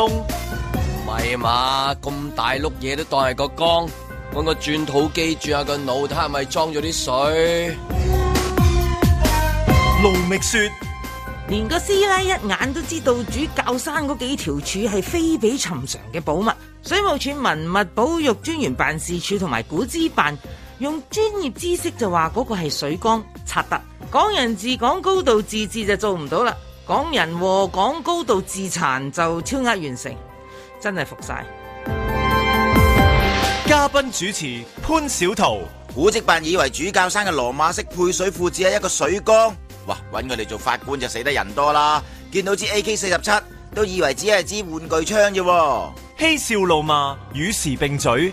唔係嘛，咁大碌嘢都當係個缸，揾個鑽土機鑽下個腦，睇下係咪裝咗啲水。盧覓雪，連個師奶一眼都知道，道，主教山嗰幾條柱係非比尋常嘅寶物。水務署文物保育專員辦事處同埋古資辦用專業知識就話嗰個係水缸，拆得港人治港高度自治就做唔到啦。港人和港高度自殘就超額完成，真係服晒！嘉賓主持潘小桃，古跡辦以為主教山嘅羅馬式配水庫只係一個水缸，哇！揾佢哋做法官就死得人多啦！見到支 AK 四十七，都以為只係支玩具槍嘅，嬉笑怒罵，與時並嘴。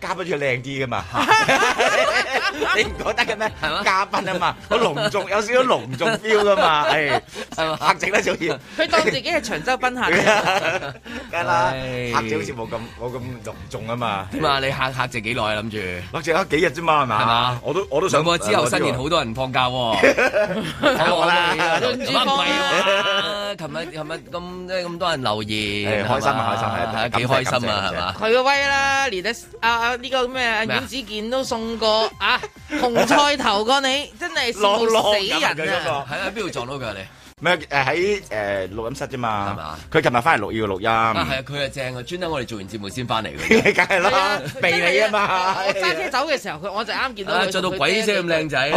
嘉賓仲要靚啲噶嘛？你唔覺得嘅咩？係嘛，嘉賓啊嘛，好隆重，有少少隆重 feel 噶嘛，係嚇！整得仲要佢當自己係長洲賓客，梗啦嚇！整好似冇咁冇咁隆重啊嘛。咁啊，你嚇嚇整幾耐啊？諗住嚇整啊幾日啫嘛，係嘛？我都我都想。不過之後新年好多人放假。睇我啦，春節唔係喎。琴日琴日咁即係咁多人留言，開心啊開心係係幾開心啊係嘛？去個威啦，連得啊啊！呢個咩？伍子健都送過啊，紅菜頭過你，真係笑死人啊！喺邊度撞到㗎你？咩？誒喺誒錄音室啫嘛，係嘛？佢琴日翻嚟錄要錄音。係啊，佢啊正啊，專登我哋做完節目先翻嚟。你梗係啦，避你啊嘛！揸車走嘅時候，佢我就啱見到佢，著到鬼聲咁靚仔啊！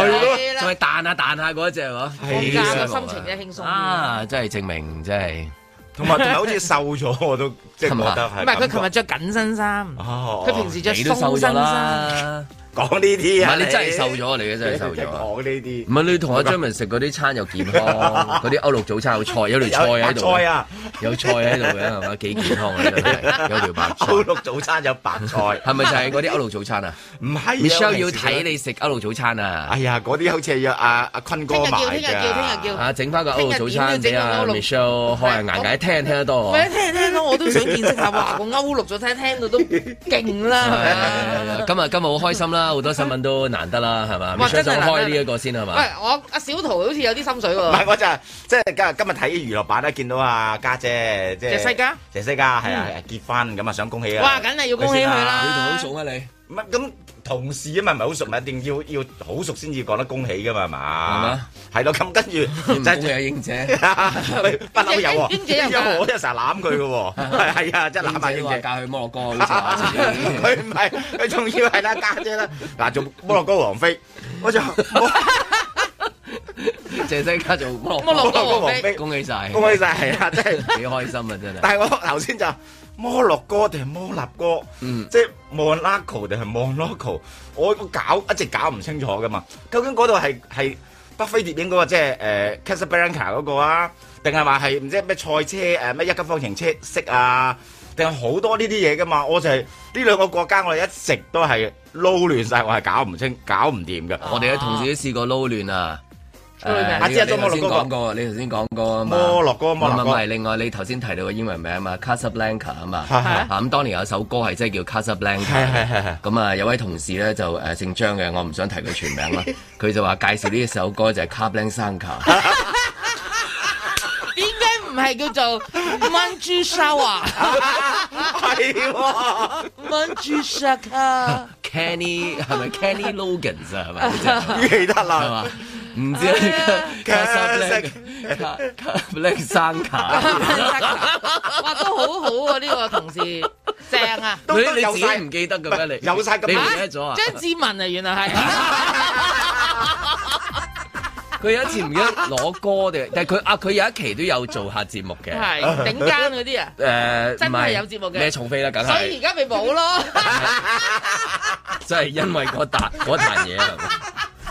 再彈下彈下嗰一隻喎，放假心情即係輕鬆啊！真係證明真係。同埋，仲係好似瘦咗 我都，即係覺得係。唔係佢琴日着緊身衫，佢、啊啊、平時着鬆身衫。講呢啲啊！唔係你真係瘦咗嚟嘅，真係瘦咗。講呢啲，唔係你同阿張文食嗰啲餐又健康，嗰啲歐陸早餐有菜，有條菜喺度。菜啊！有菜喺度嘅係嘛？幾健康有條白菜。歐陸早餐有白菜，係咪就係嗰啲歐陸早餐啊？唔係 Michelle 要睇你食歐陸早餐啊！哎呀，嗰啲好似係阿阿坤哥買㗎。聽日叫，整翻個歐陸早餐俾 Michelle 開眼界，聽聽得多。聽聽咯，我都想見識下喎。個歐陸早餐聽到都勁啦！今日今日好開心啦！好多新聞都難得啦，係嘛、欸？未想開呢一個先係嘛？喂，我阿小桃好似有啲心水喎。唔係，我就係、是、即係今日今日睇娛樂版咧，見到阿家姐即係。謝西嘉？謝西嘉係啊！姐姐姐姐姐姐啊嗯、結婚咁啊，想恭喜啊！哇！梗係要恭喜佢啦、啊啊！你同好熟啊你？乜咁？同事啊嘛，唔係好熟，咪一定要要好熟先至講得恭喜㗎嘛，係嘛嗎？係咯，咁跟住真係有英姐，你不嬲有喎。英姐有我，我一成日攬佢嘅喎。係啊，即係攬埋英姐，嫁去摩洛哥佢唔係，佢仲要係啦，家姐啦。嗱、啊，做摩洛哥王妃！我做謝生家做摩洛哥王妃！ 恭喜晒！恭喜晒！係啊，真係幾開心啊，真係。 但係我頭先就。摩洛哥定係摩納哥，嗯、即係 monaco 定係 monaco，我我搞一直搞唔清楚噶嘛，究竟嗰度係係北非諜影嗰個即係誒 casablanca、呃、嗰個啊，定係話係唔知咩賽車誒咩、啊、一級方程車式啊，定係好多呢啲嘢噶嘛，我就係呢兩個國家我哋一直都係撈亂晒，我係搞唔清搞唔掂噶，啊、我哋嘅同事都試過撈亂啊。啊！即係你頭先講過，你頭先講過啊嘛。摩洛哥啊嘛？唔係，另外你頭先提到嘅英文名啊嘛 Casablanca 啊嘛。咁當年有首歌係真係叫 Casablanca 咁啊，有位同事咧就誒姓張嘅，我唔想提佢全名啦。佢就話介紹呢一首歌就係 Casablanca。點解唔係叫做曼珠沙華？係喎，曼珠沙華。Kenny 係咪 Kenny Logans 啊？係咪真？記得啦。唔知啊，卡叻卡卡叻生卡，哇，都好好喎呢個同事，正啊！你自己唔記得嘅咩？你有曬咁唔記得咗啊？張志文啊，原來係。佢有一次唔記得攞歌嘅，但係佢啊，佢有一期都有做下節目嘅，係頂尖嗰啲啊。誒，真係有節目嘅咩？聰飛啦，梗係。所以而家咪冇咯。真係因為嗰壇嗰壇嘢係咪？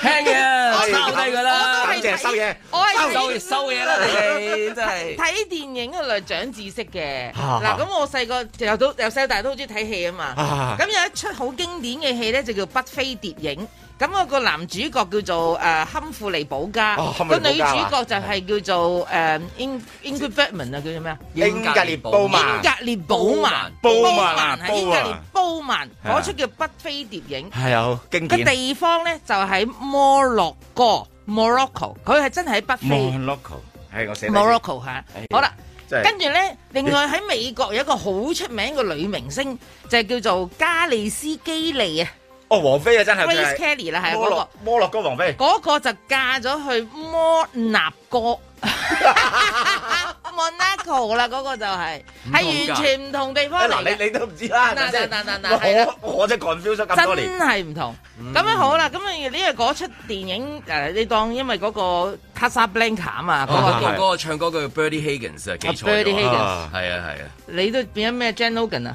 聽嘅、啊， 是收嘢噶啦，我我感謝收嘢夜，收嘢！收嘢夜啦，你真係睇 電影嚟長知識嘅。嗱， 咁我細個由到由細到大都好中意睇戲啊嘛。咁 有一出好經典嘅戲咧，就叫《北非諜影》。咁我個男主角叫做誒堪富利保加，個女主角就係叫做誒英格格列保曼啊，叫做咩啊？英格列保曼，英格列保曼，保曼，英格列保曼，嗰出叫《北非諜影》，係啊，經典。個地方咧就喺摩洛哥 （Morocco），佢係真係喺北非。Morocco 係我寫 Morocco 嚇。好啦，跟住咧，另外喺美國有一個好出名嘅女明星，就係叫做加利斯基利啊。哦，王菲啊，真係，Grace Kelly 啦，係嗰個摩洛哥王妃！嗰個就嫁咗去摩納哥，Monaco 啦，嗰個就係，係完全唔同地方。嗱，你你都唔知啦。嗱嗱嗱嗱嗱，我我真係 confuse 咗咁多年。真係唔同。咁樣好啦，咁啊呢個嗰出電影誒，你當因為嗰個卡莎 Blanca 啊嘛，嗰個個唱歌叫 Bertie Higgins 啊，記錯啊，係啊係啊，你都變咗咩 Jan Logan 啊？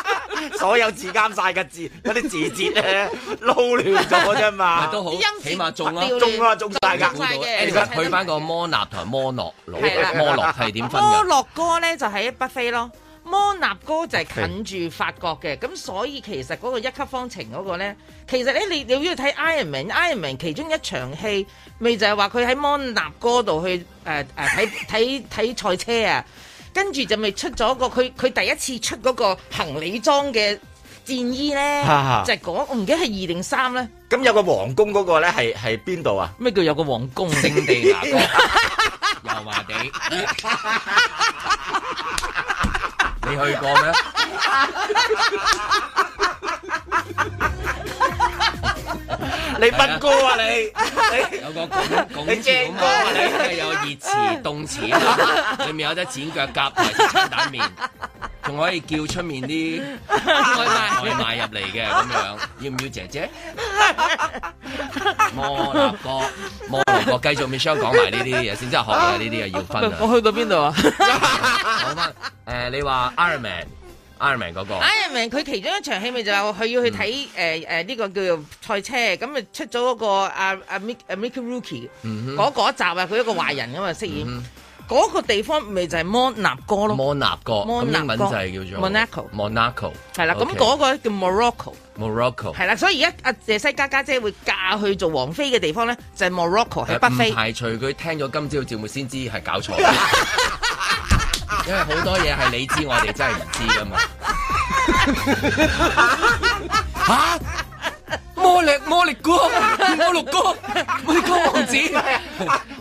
所有字監晒嘅字，嗰啲字節咧， 撈亂咗啫嘛。都好，起碼中咯， 中咯，中曬架。到其實佢翻個摩納同埋摩洛， 摩洛係點分嘅 摩洛哥咧就係喺北非咯，摩納哥就係近住法國嘅。咁 所以其實嗰個一級方程嗰個咧，其實咧你你要睇 man, Iron Man，Iron Man 其中一場戲咪就係話佢喺摩納，納哥度去誒誒睇睇睇賽車啊！跟住就咪出咗個佢佢第一次出嗰個行李裝嘅戰衣咧，啊、就係嗰、那個、我唔記得係二定三咧。咁、啊、有個皇宮嗰個咧係係邊度啊？咩叫有個皇宮聖地牙哥油麻地？ 又話你，你去過咩？ 你乜歌啊你？你 有個拱拱詞拱歌啊你， 有熱詞凍詞啊， 裏面有隻剪腳夾、打蛋面，仲可以叫出面啲外賣入嚟嘅咁樣，要唔要姐姐？摩納 哥，摩納哥，繼續咪雙講埋呢啲嘢先，真係學啊呢啲嘢，要分啊！我去到邊度啊？我 問，誒、呃，你話 Iron Man？Iron Man 嗰個，Iron Man 佢其中一場戲咪就係佢要去睇誒誒呢個叫做賽車，咁咪出咗嗰個阿阿 Mick Mick Rourke 嗰集啊，佢一個壞人噶嘛飾演，嗰個地方咪就係摩納哥咯，摩納哥，咁英文就係叫做 Monaco，Monaco 係啦，咁嗰個叫 Morocco，Morocco 係啦，所以而家阿謝西家家姐會嫁去做王妃嘅地方咧，就係 Morocco 喺北非，排除佢聽咗今朝嘅節目先知係搞錯。因為好多嘢係你知，我哋真係唔知噶嘛。嚇！魔力魔力哥，摩力哥，摩洛哥王子。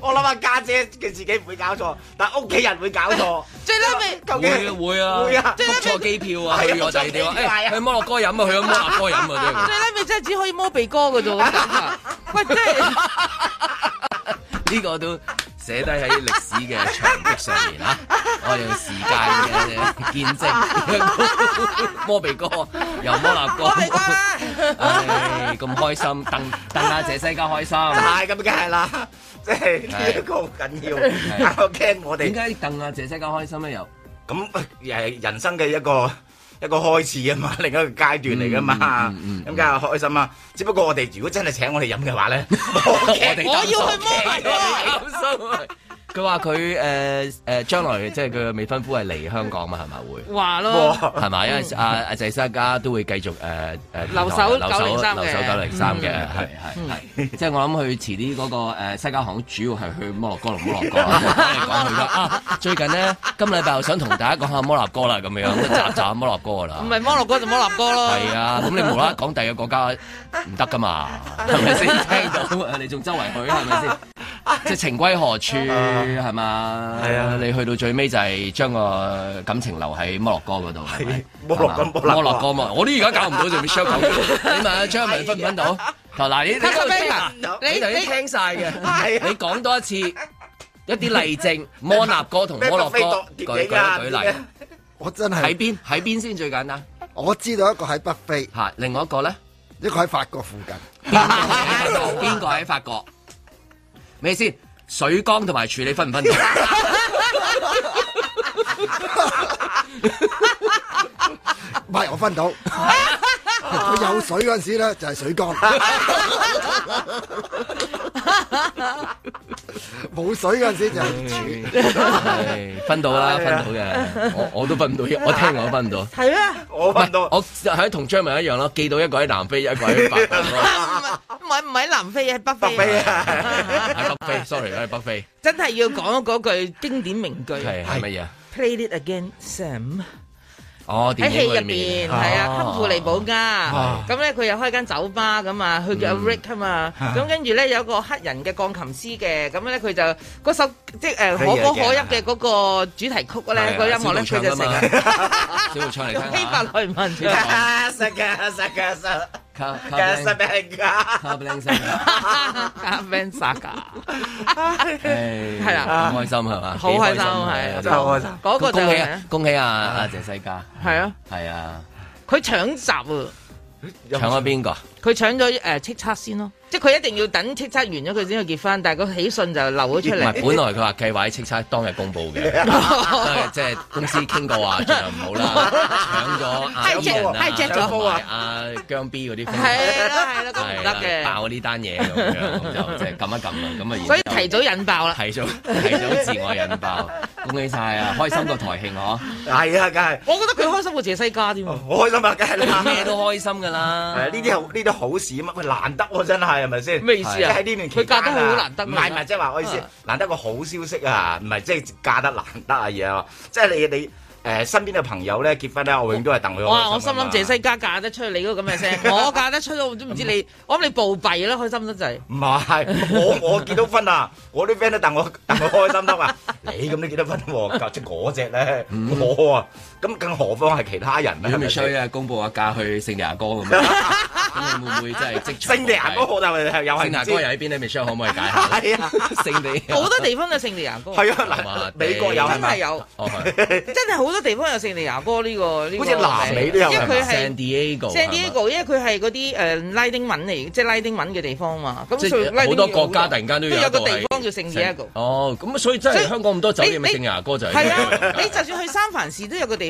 我諗阿家姐佢自己唔會搞錯，但屋企人會搞錯。最嬲尾，究竟會啊？即係錯機票啊？去我哋地方？誒，摩洛哥飲啊，去咗摩洛哥飲啊，真係。最嬲尾，真係只可以摩鼻哥嘅啫喂，即係呢個都。寫低喺歷史嘅牆壁上面啊！我用時間嘅見證，魔 比哥又摩立哥，唉，咁、哎、開心，鄧鄧阿姐細個開心，係咁梗係啦，即係呢一個好緊要。我驚我哋點解鄧阿姐細個開心咧、啊？又咁誒人生嘅一個。一個開始啊嘛，另一個階段嚟噶嘛，咁梗係開心啦。只不過我哋如果真係請我哋飲嘅話咧，我哋 我要去摸泥噶。佢話佢誒誒將來，即係佢未婚夫係嚟香港嘛，係咪會？話咯，係咪？因為阿阿謝生家都會繼續誒誒、呃、留守、呃、留守九零三嘅，係係、嗯、即係我諗佢遲啲嗰、那個、呃、西交行主要係去摩洛哥同摩洛哥 啊！最近呢，今禮拜又想同大家講下摩納哥啦，咁樣，集集摩洛哥啦。唔係摩洛哥就摩納哥咯。係 啊，咁你無啦講第二個國家唔得噶嘛？係咪先聽到？ 你仲周圍去係咪先？即係情歸何處？係嘛？係啊！你去到最尾就係將個感情留喺摩洛哥嗰度，係咪？摩洛，摩洛哥嘛？我哋而家搞唔到，做咩 show 搞？你問阿張明聽唔聽到？嗱，你你聽唔到？你你聽晒嘅。係啊！你講多一次，一啲例證，摩納哥同摩洛哥舉舉舉例。我真係喺邊？喺邊先最簡單？我知道一個喺北非。吓，另外一個咧？一個喺法國附近。邊個喺法國？咩先？水缸同埋處理分唔分到？唔係我分到。佢有水嗰陣時咧就係水缸，冇水嗰陣時就係樹，分到啦，分到嘅，我我都分唔到嘢。我聽我都分唔到。係啊，我分到，我係同張文一樣咯，記到一個喺南非，一個喺北。唔係唔係喺南非，喺北。北非啊，係北非，sorry，係北非。真係要講嗰句經典名句係咩嘢？Play it again, Sam。喺戲入邊係啊，堪富利保家咁咧，佢又開間酒吧咁啊，佢叫 Rick 啊嘛，咁跟住咧有個黑人嘅鋼琴師嘅，咁咧佢就嗰首即係誒可歌可泣嘅嗰個主題曲咧，個音樂咧佢就成日非法來唔漫長，殺噶殺噶卡卡 bling 卡 bling，卡 bling saga，係啦，開心係嘛？好開心，係真係好開心。嗰個就係恭喜阿阿謝世嘉，係啊，係啊，佢搶閘啊，搶咗邊個？佢搶咗誒，叱咤先咯。即係佢一定要等叱咤完咗佢先去結婚，但係個喜訊就漏咗出嚟。唔係，本來佢話計劃喺叱咤當日公布嘅，即係公司傾過話就唔好啦，搶咗阿 E 人啊，阿姜 B 嗰啲，係咯係咯，唔得嘅爆呢單嘢咁樣就即係撳一撳啦，咁啊！所以提早引爆啦，提早提早自我引爆，恭喜曬啊！開心過台慶呵，係啊，梗係，我覺得佢開心過謝西家添啊，開心啊，梗係啦，咩都開心噶啦，係啊，呢啲係呢啲好事啊嘛，咪難得喎，真係。係咪先？咩意思啊！喺呢段期間啊，佢嫁得好難得啊，啊唔係唔係，唔係唔係即係話我意思，啊、難得個好消息啊！唔係即係嫁得難得啊嘢啊！即係你你誒、呃、身邊嘅朋友咧結婚咧，我永遠都係戥佢。哇！我心諗謝西家嫁得出去你嗰咁嘅聲， 我嫁得出都都唔知你，嗯、我諗你暴斃咯、啊，開心得滯。唔係，我我結到婚啊，我啲 friend 都戥我戥我開心得啊！你咁都結到婚喎，尤其嗰隻咧，我啊～咁更何況係其他人？佢未衰啊！公布下嫁去聖地牙哥咁，咁會唔會即係直？聖地牙哥就係又聖地牙哥又喺邊咧？未衰可唔可以解下？係啊，聖地好多地方都聖地牙哥。係啊，美國有真係有，真係好多地方有聖地牙哥呢個，好似南美都有。San Diego，San Diego 因為佢係嗰啲拉丁文嚟，即係拉丁文嘅地方嘛。咁好多國家突然間都有個地方叫聖地牙哥。哦，咁所以真係香港咁多酒店嘅聖地牙哥就係。係啊，你就算去三藩市都有個地。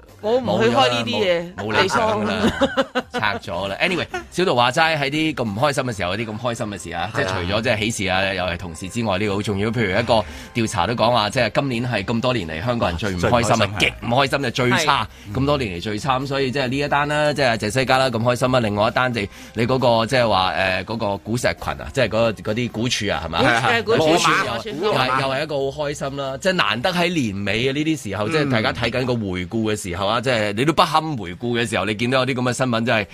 我唔去開呢啲嘢，冇理想啦，拆咗啦。Anyway，小道話齋喺啲咁唔開心嘅時候，有啲咁開心嘅事啊，即係除咗即係喜事啊，又係同事之外，呢個好重要。譬如一個調查都講話，即係今年係咁多年嚟香港人最唔開心啊，極唔開心啊，最差咁多年嚟最差。所以即係呢一單啦，即係謝西加啦咁開心啦。另外一單就你嗰個即係話誒嗰個古石群啊，即係嗰啲古柱啊，係咪？古柱又係一個好開心啦，即係難得喺年尾呢啲時候，即係大家睇緊個回顧嘅時候。啊！即係你都不堪回顧嘅時候，你見到有啲咁嘅新聞，真係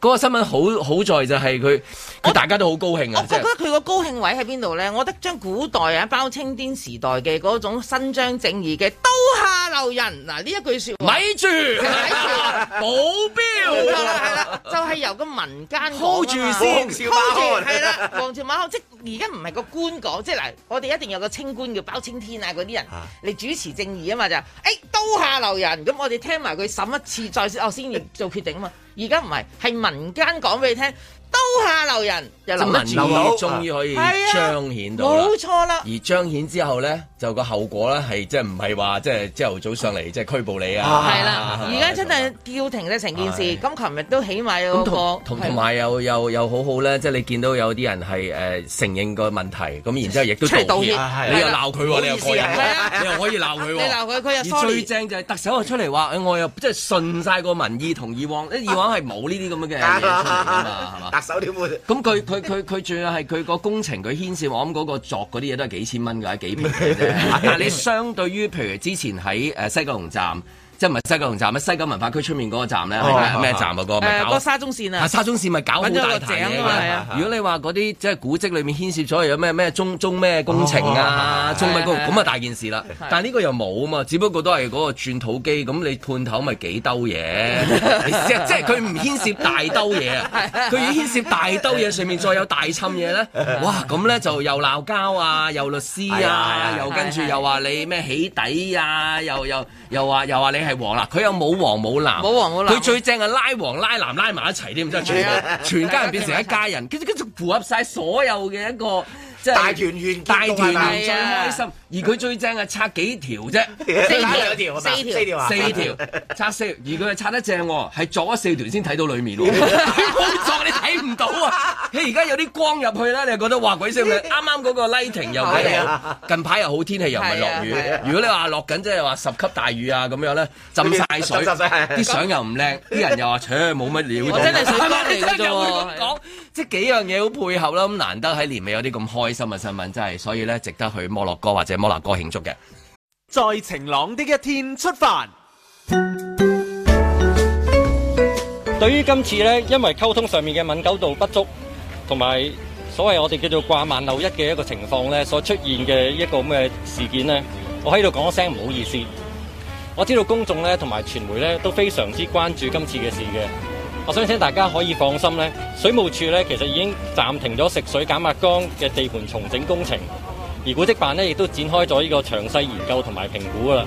嗰、嗰個新聞好好在就係佢，佢我大家都好高興啊！我覺得佢個高興位喺邊度咧？我覺得將古代啊包青天時代嘅嗰種伸張正義嘅刀下留人嗱呢一句說話，咪住著，保鏢係啦， 就係由個民間 hold 住先，係啦 朝鮑，王朝馬即。朝王朝而家唔係個官講，即係嗱，我哋一定有個清官叫包青天啊嗰啲人嚟主持正義啊嘛就，哎、欸、刀下留人，咁我哋聽埋佢審一次再哦先、啊、要做決定啊嘛，而家唔係，係民間講俾你聽。刀下留人，一民流流，終於可以彰顯到冇錯啦。而彰顯之後咧，就個後果咧，係即係唔係話即係朝頭早上嚟即係拘捕你啊？係啦，而家真係叫停嘅成件事。咁琴日都起碼有嗰個，同埋又又又好好咧，即係你見到有啲人係誒承認個問題，咁然之後亦都出嚟道歉，你又鬧佢喎，你又個人，你又可以鬧佢喎。佢，佢又最正就係特首出嚟話，我又即係信晒個民意，同以往，以往係冇呢啲咁嘅嘢出嚟啊嘛，係嘛？手點會咁佢佢佢佢仲要係佢個工程，佢牽涉我諗嗰個作嗰啲嘢都係幾千蚊嘅，喺幾邊？ 但係你相對於譬如之前喺誒西九龍站。即係唔係西九龍站咩？西九文化區出面嗰個站咧，咩站啊？嗰個誒個沙中線啊，沙中線咪搞好大啊？如果你話嗰啲即係古蹟裡面牽涉咗有咩咩中中咩工程啊，中乜工咁啊大件事啦。但係呢個又冇啊嘛，只不過都係嗰個鑽土機，咁你判頭咪幾兜嘢？即係佢唔牽涉大兜嘢啊！佢要牽涉大兜嘢上面再有大侵嘢咧，哇！咁咧就又鬧交啊，又律師啊，又跟住又話你咩起底啊，又又又話又話你。係黃啦，佢又冇黃冇藍，冇黃冇藍，佢最正係拉黃拉藍拉埋一齊添，即係 全部，全家人變成一家人，跟住跟住符合晒所有嘅一個。大團圓，大團圓最開心。而佢最正係，拆幾條啫，四條，四條，四條，四條，拆四。而佢係拆得正，係左四條先睇到裏面。冇左你睇唔到啊！佢而家有啲光入去啦，你又覺得哇鬼死嘅！啱啱嗰個 lighting 又好，近排又好天氣，又唔係落雨。如果你話落緊，即係話十級大雨啊咁樣咧，浸曬水，啲相又唔靚，啲人又話，切冇乜料到。真係水花嚟㗎啫喎！即係幾樣嘢好配合啦，咁難得喺年尾有啲咁開。新聞新聞真係，所以咧值得去摩洛哥或者摩納哥慶祝嘅。在晴朗一的一天出發。對於今次咧，因為溝通上面嘅敏感度不足，同埋所謂我哋叫做掛萬漏一嘅一個情況咧，所出現嘅一個咁嘅事件咧，我喺度講一聲唔好意思。我知道公眾咧同埋傳媒咧都非常之關注今次嘅事嘅。我想請大家可以放心，呢水務處呢其實已經暫停咗食水減壓缸嘅地盤重整工程，而古蹟辦呢亦都展開咗呢個詳細研究同埋評估啦。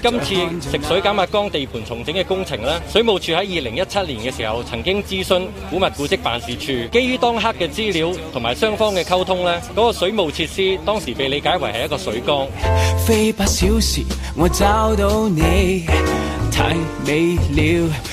今次食水減壓缸地盤重整嘅工程，呢水務處喺二零一七年嘅時候曾經諮詢古物古蹟辦事處，基於當刻嘅資料同埋雙方嘅溝通，呢嗰、那個水務設施當時被理解為係一個水缸。飛太美了。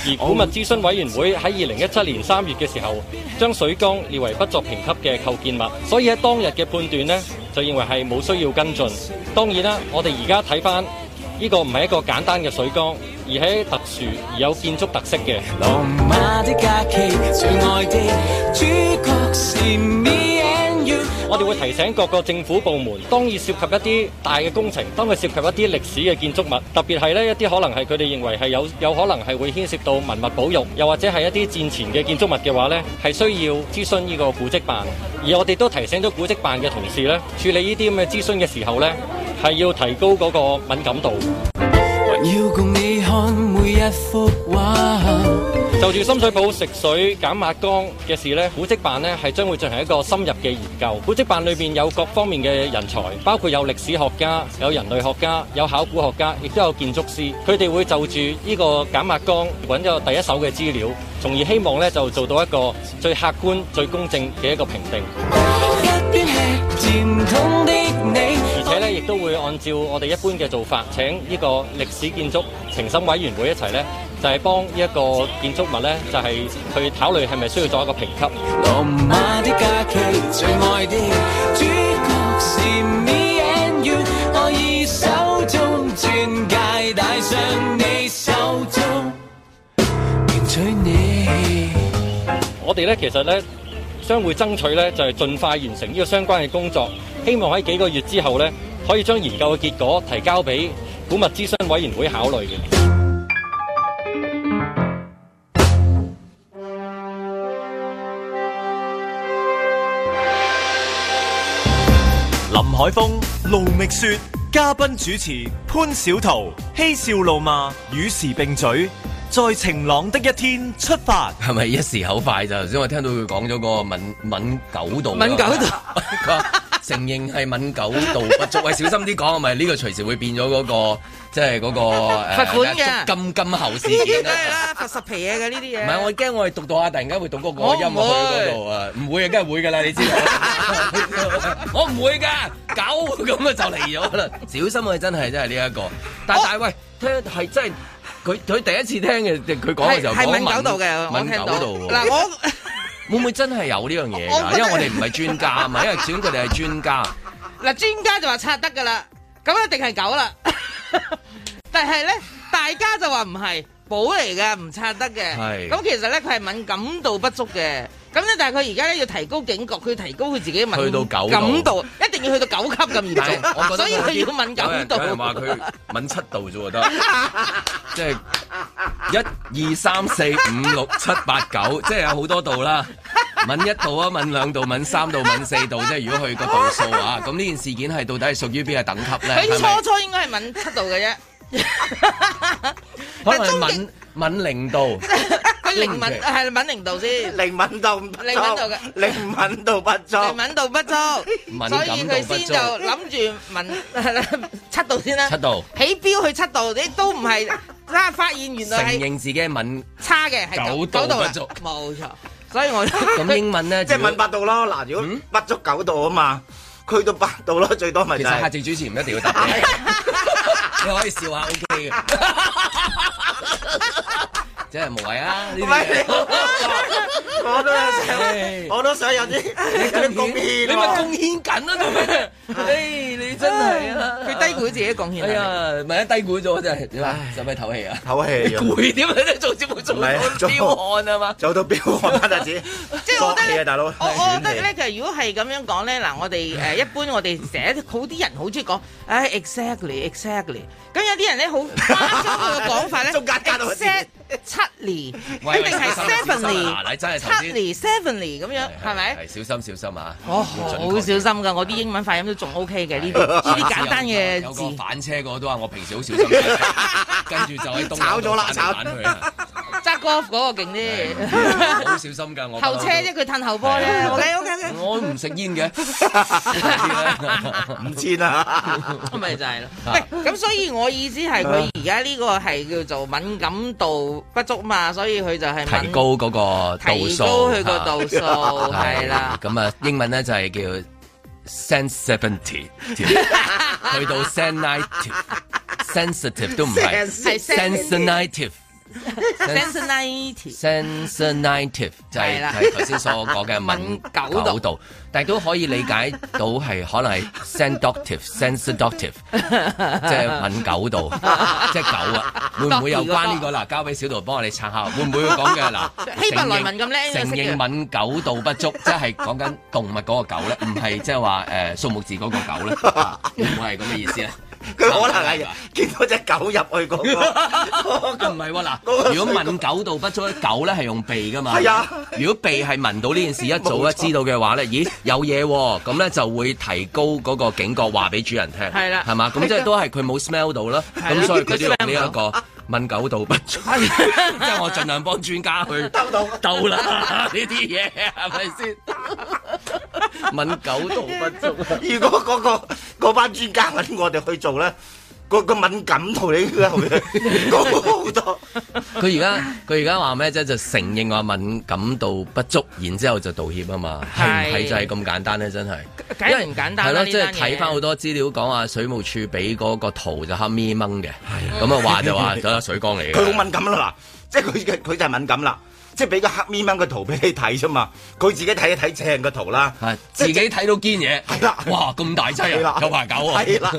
而古物諮詢委員會喺二零一七年三月嘅時候，將水缸列為不作評級嘅構建物，所以喺當日嘅判斷呢，就認為係冇需要跟進。當然啦，我哋而家睇翻呢個唔係一個簡單嘅水缸，而係特殊而有建築特色嘅。嗯我哋會提醒各個政府部門，當然涉及一啲大嘅工程，當佢涉及一啲歷史嘅建築物，特別係呢一啲可能係佢哋認為係有有可能係會牽涉到文物保育，又或者係一啲戰前嘅建築物嘅話呢，係需要諮詢呢個古蹟辦。而我哋都提醒咗古蹟辦嘅同事呢，處理呢啲咁嘅諮詢嘅時候呢，係要提高嗰個敏感度。要共就住深水埗食水減壓缸嘅事古呢，古蹟辦呢係將會進行一個深入嘅研究。古蹟辦裏面有各方面嘅人才，包括有歷史學家、有人類學家、有考古學家，亦都有建築師。佢哋會就住呢個減壓缸揾咗第一手嘅資料，從而希望呢就做到一個最客觀、最公正嘅一個評定。亦都會按照我哋一般嘅做法，請呢個歷史建築評審委員會一齊咧，就係幫呢一個建築物咧，就係去考慮係咪需要做一個評級。羅馬的假期，最愛的主角是 Me and you，我以手中鑽戒戴上你手中，換取你。我哋咧其實咧，將會爭取咧，就係盡快完成呢個相關嘅工作，希望喺幾個月之後咧，可以將研究嘅結果提交俾古物諮詢委員會考慮嘅。林海峰、盧覓雪、嘉賓主持潘小桃、嬉笑怒罵與時並嘴，在晴朗的一天出發。係咪一時口快？就因為我聽到佢講咗個敏敏九度，敏九度。 承認係敏九度，作為小心啲講，咪呢個隨時會變咗嗰個，即係嗰個罰款嘅罰金金後事件啦。罰十皮嘢嘅呢啲嘢。唔係，我驚我哋讀到下，突然間會讀嗰個音落去嗰度啊！唔會啊，梗係會㗎啦，你知。我唔會㗎，九咁啊就嚟咗啦。小心啊，真係真係呢一個。但係但係喂，聽係真係佢佢第一次聽嘅，佢講嘅時候講敏九度嘅敏九度嗱我。會唔會真係有呢樣嘢啊？不因為我哋唔係專家，咪 因為始終佢哋係專家。嗱，專家就話拆得噶啦，咁一定係狗啦。 但係咧，大家就話唔係寶嚟噶，唔拆得嘅。係咁是，其實咧佢係敏感度不足嘅。咁咧，但係佢而家咧要提高警覺，佢要提高佢自己嘅敏感度，一定要去到九級咁嚴重，所以佢要敏感度。唔係話佢敏七度啫，得，即係一二三四五六七八九，即係有好多度啦。敏一度啊，敏兩度，敏三度，敏四度，即係如果去個度數啊，咁呢件事件係到底係屬於邊個等級咧？佢初初應該係敏七度嘅啫，可能係敏敏零度。佢靈敏係靈敏度先，靈敏度，靈敏度嘅，靈敏度不足，靈敏度不足，所以佢先就諗住問七度先啦，七度，起標去七度，你都唔係，啊發現原來承認自己係敏差嘅，九度不足，冇錯，所以我咁英文咧，即係問八度咯，嗱，如果不足九度啊嘛，去到八度咯，最多問題。其實下集主持唔一定要答，你可以笑下 O K 嘅。真係無謂啊！唔係，我都想，我都想有啲你啲貢獻，你咪貢獻緊咯，做咩？唉，你真係啊！佢低估自己貢獻啊！哎呀，咪一低估咗真係，唉，使咪唞氣啊？唞氣，攰點啊？做朝早做保安啊嘛？做到邊個班達子？即係我覺得咧，大佬，我覺得咧，其實如果係咁樣講咧，嗱，我哋誒一般我哋成日好啲人好中意講，唉，exactly，exactly，咁有啲人咧好歪曲個講法咧，中間加到 set 七。七厘一定係 sevenly，七厘 s e v e n 咁樣係咪？係小心小心啊！哦，好小心㗎，我啲英文發音都仲 OK 嘅，呢啲呢啲簡單嘅字。有個反車個都話我平時好小心，跟住就喺東炒咗啦，炒反去。golf 嗰個勁啲，好小心㗎我。後車啫，佢褪後波啫，OK OK OK。我唔食煙嘅，唔知啦，唔知啦，咪就係咯。喂，咁所以我意思係佢而家呢個係叫做敏感度不足嘛，所以佢就係提高嗰個度數，提高佢個度數，係啦。咁啊，英文咧就係叫 sensitivity，去到 sensitive，sensitive 都唔係 sensitive。Sensitive，Sensitive 就係係頭先所講嘅敏九度，但係都可以理解到係可能係 Seductive，Seductive 即係敏九度，即係狗啊，會唔會有關呢個嗱？交俾小度幫我哋測下，會唔會講嘅嗱？英文咁叻，承認敏九度不足，即係講緊動物嗰個狗咧，唔係即係話誒數目字嗰個狗咧，唔係咁嘅意思咧。佢可能係見到隻狗入去嗰個、， 那個，唔係喎嗱。如果聞狗道不足，狗咧係用鼻噶嘛。係啊，如果鼻係 聞到呢件事一早一知道嘅話咧，咦有嘢喎、啊，咁咧就會提高嗰個警覺，話俾主人聽。係啦， 係嘛？咁即係都係佢冇 smell 到啦。咁所以佢都用呢、這、一個。 問九道：「不？即係我盡量幫專家去到到啦，呢啲嘢係咪先？ 是是 問九道：「不？ 如果嗰，嗰個嗰班專家揾我哋去做咧？個，個敏感度你高好多，佢而家佢而家話咩啫？就係承認話敏感度不足，然之後就道歉啊嘛，係唔係就係咁簡單咧？真係，梗係唔簡單了，係咯件？即係睇翻好多資料，講話水務署俾嗰個圖就黑咪掹嘅，咁啊話就話咗水缸嚟嘅。佢好敏感啦，嗱，即係佢佢就係敏感啦。即係俾個黑咪蚊嘅圖俾你睇啫嘛，佢自己睇一睇正個圖啦，自己睇到堅嘢係啦，哇咁大劑啦，有排搞喎。係啦，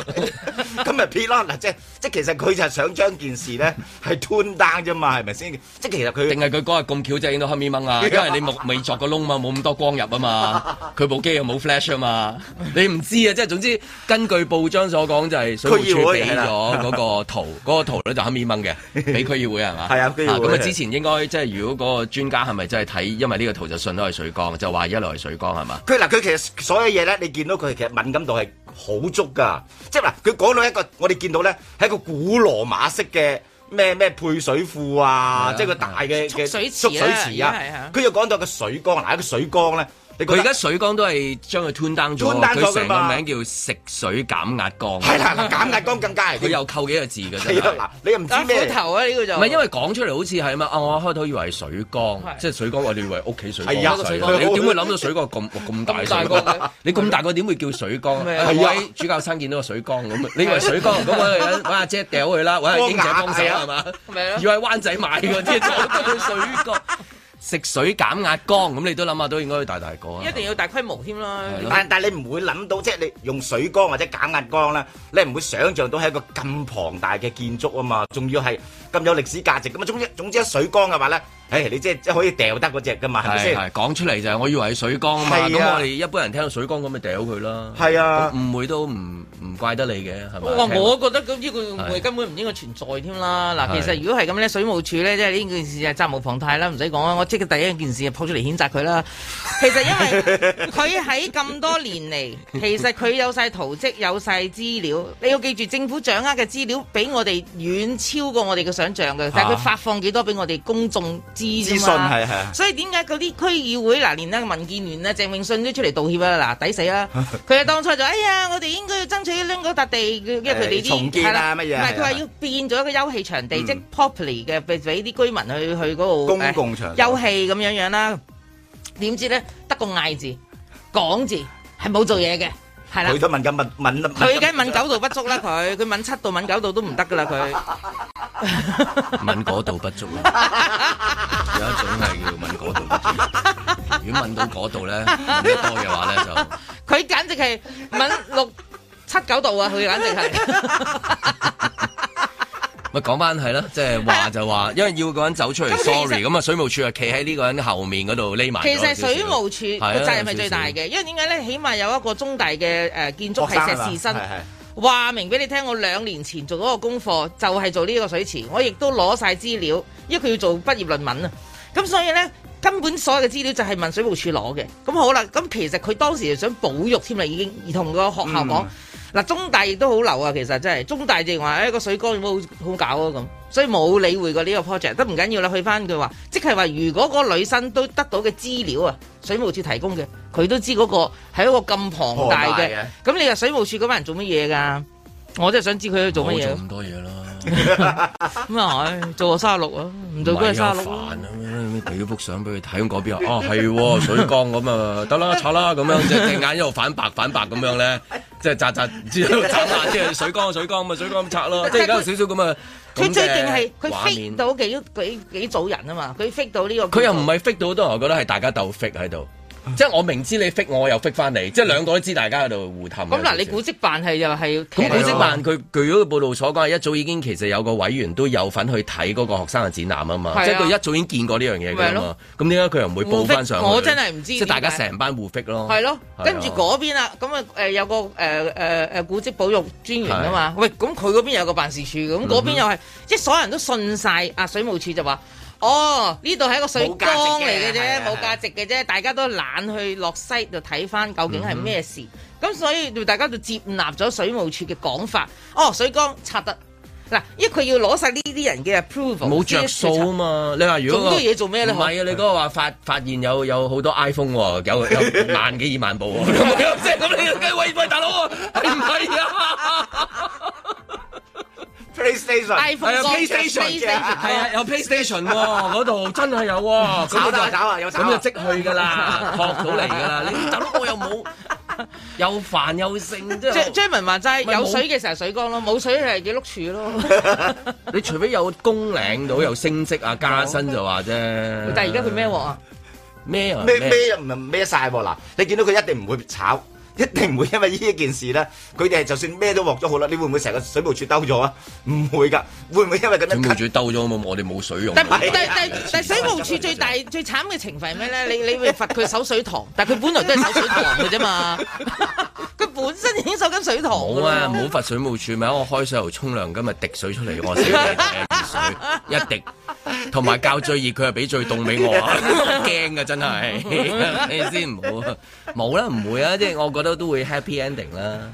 咁咪嗱，即係即係其實佢就係想將件事咧係 turn down 啫嘛，係咪先？即係其實佢定係佢嗰日咁巧啫，影到黑咪蚊啊，因為你未作個窿嘛，冇咁多光入啊嘛，佢部機又冇 flash 啊嘛，你唔知啊，即係總之根據報章所講就係，佢以傳咗嗰個圖，嗰個圖咧就黑咪蚊嘅，俾區議會係嘛？係啊，咁啊之前應該即係如果嗰個。專家係咪真係睇？因為呢個圖就信都係水缸，就話一路係水缸係嘛？佢嗱佢其實所有嘢咧，你見到佢其實敏感度係好足㗎。即係嗱，佢講到一個，我哋見到咧係一個古羅馬式嘅咩咩配水庫啊，啊即係個大嘅蓄水池啊。佢、啊、又講到個水缸，嗱一個水缸咧。佢而家水缸都係將佢 turn down 咗，佢成個名叫食水減壓缸。係啦，減壓缸更加係。佢又扣幾個字㗎啫，你又唔知咩頭啊呢個就。唔係因為講出嚟好似係啊嘛，啊我開頭以為水缸，即係水缸，我哋以為屋企水缸。係啊。你點會諗到水缸咁咁大水缸。你咁大個點會叫水缸？以為主教生見到個水缸咁，你以為水缸咁，我揾阿姐掉佢啦，揾阿英姐幫手係嘛？以啊。要喺灣仔買嘅水缸。食水減壓缸，咁你都諗下，都應該要大大個。一定要大規模添啦的，但但你唔會諗到即係、就是、你用水缸或者減壓缸啦，你唔會想像到係一個咁龐大嘅建築啊嘛，仲要係。咁有歷史價值咁啊！總之總之一水缸嘅話咧，誒、哎，你即係即可以掉得嗰隻㗎嘛，係咪先？講出嚟就係，我以為係水缸啊嘛。咁是、啊、我哋一般人聽到水缸咁，咪掉佢咯。係啊，誤會都唔唔怪得你嘅，係嘛、哦？我覺得咁呢個誤會根本唔應該存在添啦。嗱，其實如果係咁咧，水務署咧，即係呢件事係責無旁貸啦，唔使講啦。我即刻第一件事就撲出嚟譴責佢啦。 其實因為佢喺咁多年嚟，其實佢有晒圖蹟，有晒資料。你要記住，政府掌握嘅資料比我哋遠超過我哋嘅想象嘅，但係佢發放幾多俾我哋公眾知啫嘛，是是是，所以點解嗰啲區議會嗱，連咧民建聯咧鄭泳舜都出嚟道歉啦，嗱抵死啦，佢係 當初就哎呀，我哋應該要爭取拎個笪地嘅，因為佢哋啲重建啊乜嘢，唔係佢話要變咗一個休憩場地，即係、嗯、properly 嘅俾啲居民去去嗰、那、度、個、公共場休憩咁樣樣啦。點知咧得個嗌字講字係冇做嘢嘅。係佢都問緊問問。佢梗家問九度不足啦，佢佢問七度、問九度都唔得噶啦，佢問嗰度不足啦、啊。 有一種係要問嗰度不足、啊，如果問到嗰度咧， 多嘅話咧就……佢簡直係問六七九度啊！佢簡直係。 咪講翻係啦，即係話就話、是，因為要個人走出嚟 實，sorry，咁啊，水務處啊，企喺呢個人後面嗰度匿埋。其實水務處嘅責任係最大嘅，點點因為點解咧？起碼有一個中大嘅誒建築係石屎身。話明俾你聽，我兩年前做嗰個功課，就係、是、做呢個水池。我亦都攞晒資料，因為佢要做畢業論文啊。咁所以咧，根本所有嘅資料就係問水務處攞嘅。咁好啦，咁其實佢當時就想保育添啦，已經而同個學校講。嗯。嗱，中大亦都好流啊，其實真係，中大淨話，誒個水缸有冇好好搞啊咁，所以冇理會過呢個 project，都唔緊要啦。去返佢話，即係話，如果嗰個女生都得到嘅資料啊，水務署提供嘅，佢都知嗰個係一個咁龐大嘅，咁你話水務署嗰班人做乜嘢㗎？我真係想知佢去做乜嘢。咩係 做我卅六啊？唔做嗰係卅六。煩啊！咩俾一幅相俾佢睇，嗰邊啊，哦係、啊、水缸咁啊，得啦拆啦咁樣，隻隻眼一路反白反白咁樣咧，即係扎扎唔知點斬啊！即係水缸水缸咁啊，水缸咁拆咯。即係而家有少少咁啊，佢即係佢 fit 到幾幾幾組人啊嘛，佢 fit 到呢個。佢又唔係 fit 到好多人，我覺得係大家鬥 fit 喺度。即係我明知你逼我又逼 i 翻你，即係兩個都知大家喺度互氹。咁嗱，你古蹟辦係又係咁古迹辦，佢據咗報道所講，一早已經其實有個委員都有份去睇嗰個學生嘅展覽啊嘛，即係佢一早已經見過呢樣嘢嘅。咁點解佢又唔會報翻上去？我真係唔知。即係大家成班互逼 i t 咯。係咯，跟住嗰邊啊，咁啊，誒，有個誒誒誒古迹保育專員啊嘛，喂，咁佢嗰邊有個辦事處，咁嗰邊又係，即係所有人都信晒啊水務處就話。哦，呢度係一個水缸嚟嘅啫，冇價值嘅啫已是的，大家都懶去落西就睇翻究竟係咩事。咁、嗯嗯、所以，大家就接納咗水務處嘅講法。哦，水缸拆得嗱，因為佢要攞晒呢啲人嘅 approval。冇着數啊嘛！你話如果咁多嘢做咩咧？唔係啊！你嗰個話發發現有有好多 iPhone 有有萬幾二萬部喎。咁即係咁，你喂喂大佬是是啊，係唔係啊？PlayStation，係 iPhone, 啊 PlayStation 嘅，係 Play Station, 啊，啊有 PlayStation 喎，嗰度真係有喎，咁就咁就即去噶啦，學 到嚟噶啦，你走咯我又冇，又煩又盛，即係。 Jeremy 話齋，有，有水嘅時候水缸咯，冇水係幾碌柱咯。呵呵你除非有工領到，有升職啊加薪就話啫。嗯嗯、 但係而家佢孭鑊喎？咩啊？咩咩唔係孭晒喎？嗱，你見到佢一定唔會炒。一定唔會,會,會,會,會,會因為是是是呢一件事咧，佢哋就算咩都獲咗好啦，你會唔會成個水務處兜咗啊？唔會噶，會唔會因為水務處兜咗，我我哋冇水用。但但但但水務處最大最慘嘅懲罰係咩咧？你你會罰佢守水塘，但佢本來都係守水塘嘅啫嘛。佢 本身已經守緊水塘。好啊，唔好罰水務處咪，我開水喉沖涼，今日滴水出嚟，我先嚟嘅熱水 一滴，同埋較最熱佢係俾最凍俾我，好驚噶真係，你先唔好冇啦，唔會啊，即係我都都會 happy ending 啦，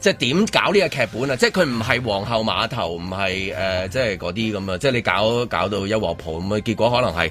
即係點搞呢個劇本啊？即係佢唔係皇后碼頭，唔係誒，即係嗰啲咁啊！即係你搞搞到一鑊泡，咁啊，結果可能係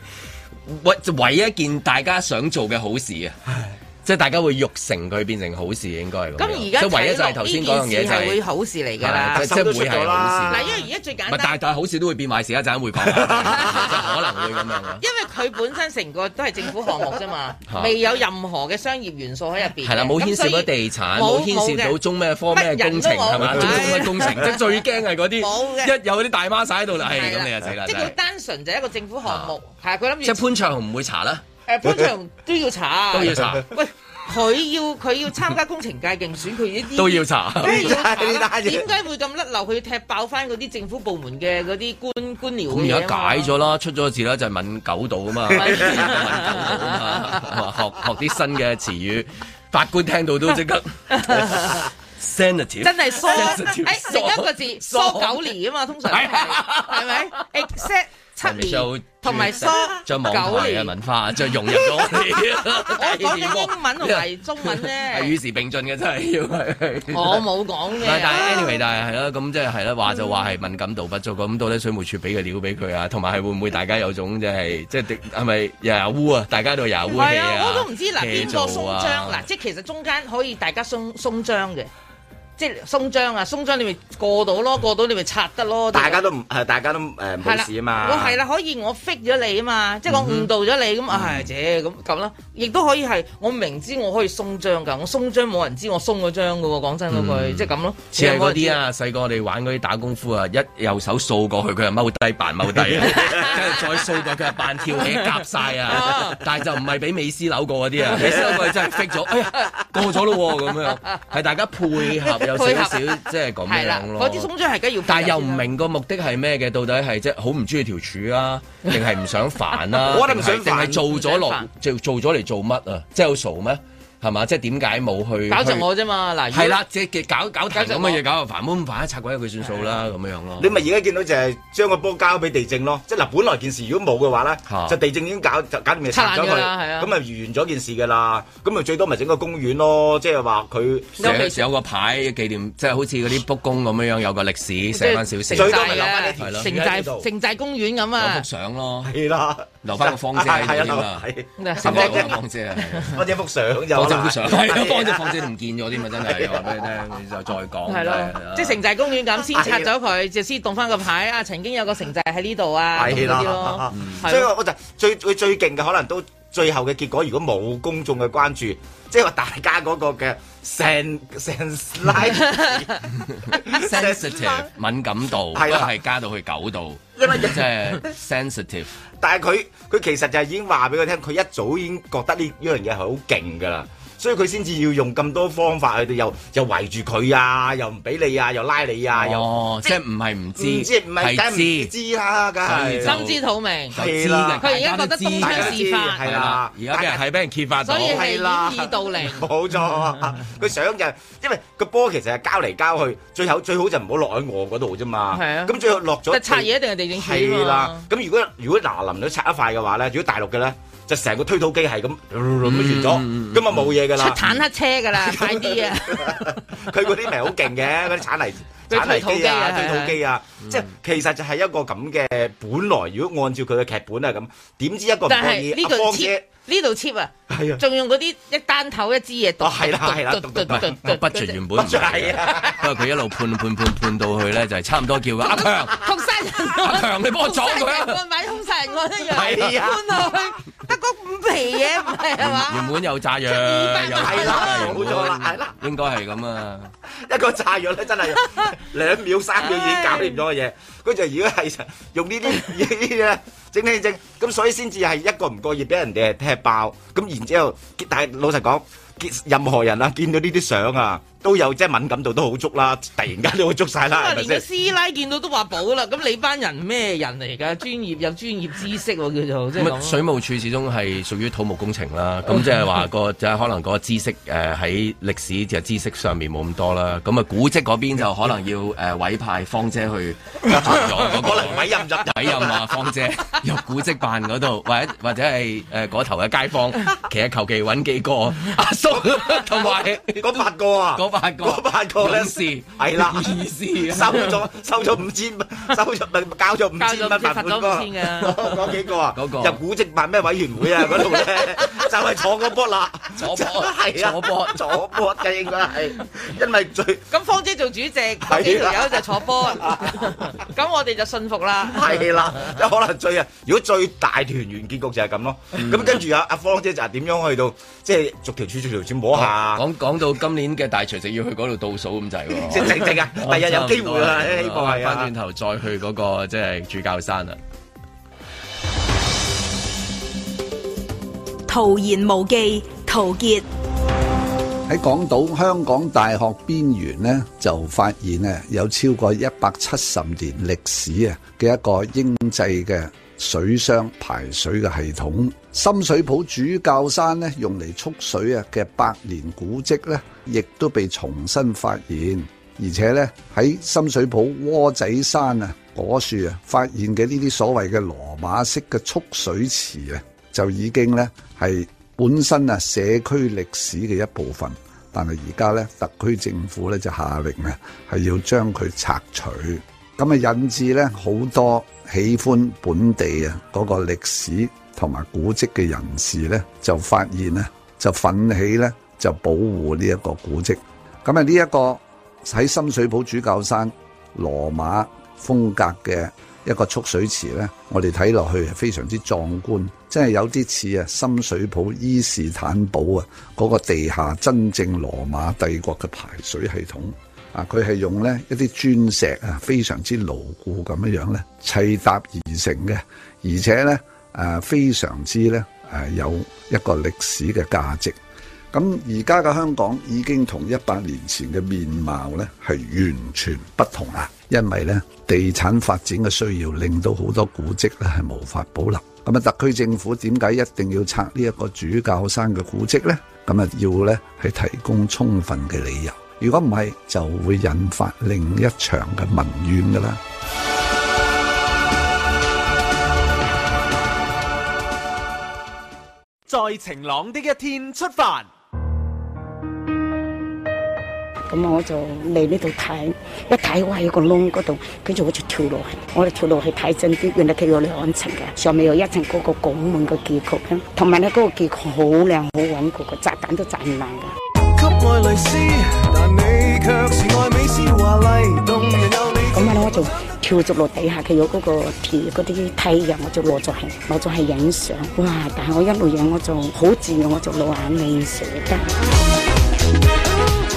唯唯一件大家想做嘅好事啊！ 即係大家會育成佢變成好事，應該咁。即係唯一就係頭先嗰樣嘢係。呢件事係會好事嚟㗎啦，即係會係好事。嗱，因為而家最簡單。但係但係好事都會變壞事，一陣就咁會講。就可能要咁樣啦。因為佢本身成個都係政府項目啫嘛，未有任何嘅商業元素喺入邊。係啦，冇牽涉到地產，冇牽涉到中咩科咩工程，係咪？中咩工程？即係最驚係嗰啲。一有啲大媽晒喺度啦，係咁你就死啦。即係佢單純就係一個政府項目，係佢諗住。即潘長虹唔會查啦。誒，潘祥都要查，都要查。喂，佢要佢要參加工程界競選，佢呢啲都要查。點解會咁甩漏？佢踢爆翻嗰啲政府部門嘅嗰啲官官僚咁，而家解咗啦，出咗個字啦，就係問九度啊嘛。問九度啊嘛，學學啲新嘅詞語。法官聽到都即刻。Senate 真係疏，誒，成一個字疏九年啊嘛，通常係咪？Accept。七年同埋疏，再網台嘅文化，再融入咗我哋。我講英文同埋中文啫，與時並進嘅真係要。我冇講嘅。但係 anyway，但係係咯，咁即係係啦，話就話係敏感度不足，咁到底水務處俾嘅料俾佢啊，同埋係會唔會大家有種即係即係係咪牙污啊？大家都有。係啊，我都唔知嗱邊個鬆張嗱，即係其實中間可以大家鬆鬆張嘅。即係鬆章啊！鬆章你咪過到咯，過到你咪拆得咯。大家都唔係大家都誒冇、呃、的事啊嘛。我係啦，可以我 fake 咗你啊嘛，即係我誤導咗你咁、嗯、啊，姐咁咁啦。亦都可以係我明知我可以鬆章㗎，我鬆章冇人知我鬆咗章嘅喎。講真嗰句，嗯、即係咁咯。似係嗰啲啊，細個、啊、我哋玩嗰啲打功夫啊，一右手掃過去佢就踎低扮踎低，即係 再掃過去佢扮跳起夾晒啊！ 但係就唔係俾美斯扭過嗰啲啊， 美斯扭過真係 fake 咗，哎呀過咗咯喎咁樣，係大家配合。有，有少少即係咁樣咯。嗰支鬆章係梗要啊，但係又唔明個目的係咩嘅？到底係即係好唔中意條柱啊，定係唔想煩啊？我定係做咗落，做做咗嚟做乜啊？即係好傻咩？係嘛？即係點解冇去？搞砸我啫嘛！嗱，係啦，即係搞搞搞咁嘅嘢，搞個煩冇咁煩，拆鬼佢算數啦，咁樣咯。你咪而家見到就係將個波交俾地政咯。即係嗱，本來件事如果冇嘅話咧，就地政已經搞搞掂就拆咗佢，咁咪完咗件事噶啦。咁咪最多咪整個公園咯，即係話佢有有個牌紀念，即係好似嗰啲卜公咁樣有個歷史寫翻少少最多咪留翻城寨咧，城寨城寨公園咁啊。有幅相咯，係啦。留翻個方遮先啊！係，唔係方遮？方遮啊！方遮幅相有啦，方遮方遮唔見咗添嘛？真係話俾你聽，就再講，係咯，即係城寨公園咁，先拆咗佢就先動翻個牌。啊，曾經有個城寨喺呢度啊，咯。所以我就最佢最勁嘅可能都最後嘅結果，如果冇公眾嘅關注，即係話大家嗰個嘅。成成 slide sensitive 敏感度，係啊係加到去九度，即係 sensitive。 但係佢佢其實就係已經話俾佢聽，佢一早已經覺得呢呢樣嘢係好勁噶啦。所以佢先至要用咁多方法，去，哋又又圍住佢啊，又唔俾你啊，又拉你啊，又即係唔係唔知？唔知唔係梗係知知啦，梗係心知肚明。知啦，佢而家覺得東窗事發，而家嘅係俾人揭發到，所以係掩耳盜鈴。冇錯，佢想嘅因為個波其實係交嚟交去，最後最好就唔好落喺我嗰度啫嘛。係啊，咁最後落咗。係拆嘢定係地氈？係啦，咁如果如果嗱臨到拆一塊嘅話咧，如果大陸嘅咧。就成個推土機係咁，咁完咗，咁咪冇嘢㗎啦。出產黑車㗎啦， 快啲啊！佢嗰啲咪好勁嘅，嗰啲鏟泥。推土機啊，推土機啊，即係其實就係一個咁嘅本來。如果按照佢嘅劇本啊，咁點知一個唔意阿強呢度 tip 啊，仲用嗰啲一單頭一支嘢讀，係啦，係啦，讀讀讀讀不原本唔係嘅。不過佢一路判判判判到去咧，就係差唔多叫阿強，捅殺人。阿強，你幫我阻佢，咪捅殺人我一樣。係啊，判落去得嗰五皮嘢唔係啊嘛，原本有炸藥，係啦，冇錯啦，係啦，應該係咁啊。 一個炸藥咧，真係兩秒、三秒已經搞掂咗嘅嘢。跟住如果係用呢啲嘢呢嘢整咁 所以先至係一個唔過意，俾人哋踢爆。咁然之後，但係老實講，任何人啊，見到呢啲相啊～都有即係敏感度都好足啦，突然間都會足晒啦，係咪先？連師奶見到都話補啦，咁你班人咩人嚟㗎？專業 有專業知識喎，叫做即係、咁、水務署始終係屬於土木工程啦，咁即係話個即係可能個知識誒喺、呃、歷史嘅知識上面冇咁多啦。咁、嗯、啊古蹟嗰邊就可能要誒委派方姐去做咗嗰個委 任，委任啊方姐入 古蹟辦嗰度，或者或者係誒嗰頭嘅街坊，其實求其揾幾個阿叔同埋嗰八個啊。辦個辦個咧事係啦，意思收咗收咗五千，收咗咪交咗五千蚊罰款個，講幾個啊嗰個入古蹟辦咩委員會啊嗰度咧，就係坐嗰波啦，坐波係啊，坐波坐波嘅應該係，因為最咁芳姐做主席，有就坐波，咁我哋就信服啦，係啦，可能最啊，如果最大團圓結局就係咁咯，咁跟住阿阿芳姐就點樣去到，即係逐條柱逐條柱摸下，講講到今年嘅大長。你要去嗰度倒數咁就，直唔直啊？第日有機會啦，呢個係啊！翻轉頭再去嗰個即係主教山啦。陶言無忌，陶傑。喺港島香港大學邊緣咧，就發現咧有超過一百七十年歷史啊嘅一個英制嘅。水箱排水嘅系統，深水埗主教山咧用嚟蓄水啊嘅百年古蹟咧，亦都被重新發現，而且咧喺深水埗窩仔山啊果樹啊發現嘅呢啲所謂嘅羅馬式嘅蓄水池啊，就已經咧係本身啊社區歷史嘅一部分，但係而家咧特區政府咧就下令啊係要將佢拆除。咁啊引致咧好多喜歡本地啊嗰個歷史同埋古蹟嘅人士咧，就發現咧就奮起咧就保護呢一個古蹟。咁啊呢一個喺深水埗主教山羅馬風格嘅一個蓄水池咧，我哋睇落去係非常之壯觀，真係有啲似啊深水埗伊士坦堡啊嗰個地下真正羅馬帝國嘅排水系統。啊！佢係用咧一啲磚石啊，非常之牢固咁樣樣咧砌搭而成嘅，而且咧誒非常之咧誒有一個歷史嘅價值。咁而家嘅香港已經同一百年前嘅面貌咧係完全不同啦，因為咧地產發展嘅需要令到好多古蹟咧係無法保留。咁啊，特區政府點解一定要拆呢一個主教山嘅古蹟咧？咁啊要咧係提供充分嘅理由。如果唔係，就會引發另一場嘅民怨噶啦。在晴朗的一天出發。咁 我就嚟呢度睇，一睇我有個窿嗰度，跟住我就跳落去。我哋跳落去睇真啲，原來佢有兩層嘅，上面有一層嗰個拱門嘅結構，同埋呢嗰個結構好靚好穩固嘅，炸彈都炸唔爛嘅。但你卻是愛美，華麗，咁啊！我就跳咗落底下，佢有嗰個梯，嗰啲梯啊，我就落咗係，我就係影相。哇！但係我一路影，我就好自然，我就老眼未捨得。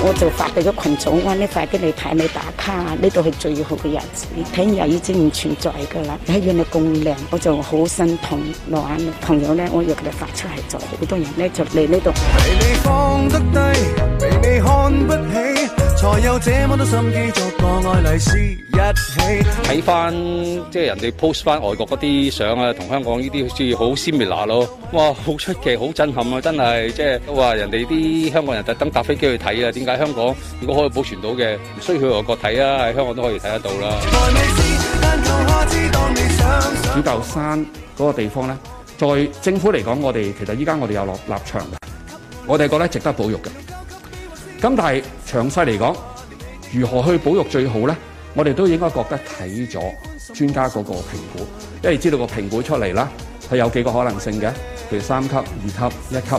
我就發俾咗群組啊，我呢發俾你睇，你打卡，呢度係最好嘅日子，聽日已經唔存在噶啦。睇見你咁靚，我就好心痛。我啱朋友咧，我又佢哋發出去就好多人咧就嚟呢度。睇翻，即係人哋 post 翻外國嗰啲相啊，同香港呢啲好似好 similar 咯，哇，好出奇，好震撼啊！真係即係話人哋啲香港人特登搭飛機去睇啊，點解香港如果可以保存到嘅，唔需要去外國睇啊，喺香港都可以睇得到啦。主教山嗰個地方咧，在政府嚟講，我哋其實依家我哋有落立場嘅，我哋覺得值得保育嘅。咁但係詳細嚟講，如何去保育最好咧？我哋都應該覺得睇咗專家嗰個評估，因為知道個評估出嚟啦，係有幾個可能性嘅，譬如三級、二級、一級，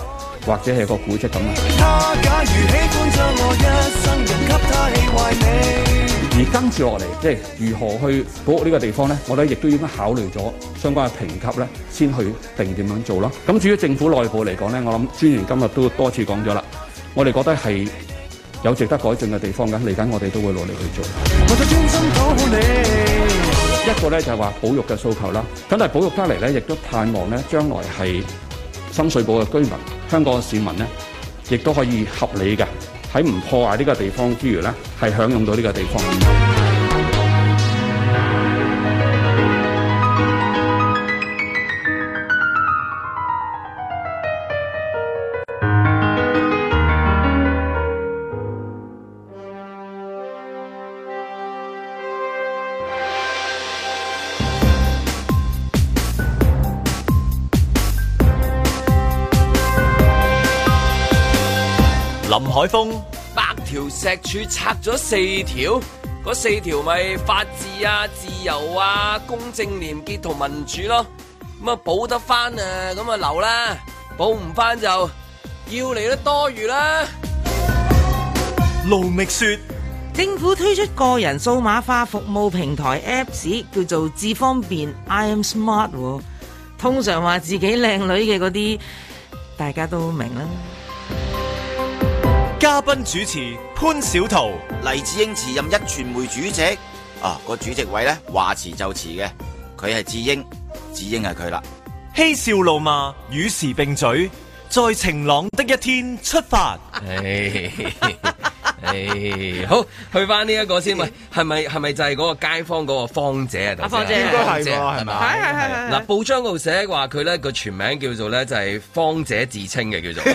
或者係個古跡咁啊。而跟住落嚟，即係如何去保育呢個地方咧？我哋亦都應該考慮咗相關嘅評級咧，先去定點樣做咯。咁至於政府內部嚟講咧，我諗專員今日都多次講咗啦，我哋覺得係。有值得改進嘅地方㗎，嚟緊我哋都會努力去做。 一個咧就係話保育嘅訴求啦，但係保育得嚟咧，亦都盼望咧，將來係深水埗嘅居民、香港市民咧，亦都可以合理嘅喺唔破壞呢個地方之餘咧，係享用到呢個地方。海風，百條石柱拆咗四條，嗰四條咪法治啊、自由啊、公正廉潔同民主咯。咁啊補得翻啊，咁啊留啦，補唔翻就要嚟得多餘啦。盧覓雪，政府推出個人數碼化服務平台 Apps，叫做智方便，I am smart 喎。通常話自己靚女嘅嗰啲，大家都明啦。嘉賓主持潘小桃，黎智英辭任一傳媒主席。啊，個主席位咧話辭就辭嘅，佢係智英，智英係佢啦。嬉笑怒罵與時並舉，在晴朗的一天出發。好，去翻呢一個先，係咪係咪就係嗰個街坊嗰個芳姐啊？阿芳姐應該係係咪？係係係。嗱，報章嗰度寫話佢咧個全名叫做咧就係芳姐自稱嘅叫做，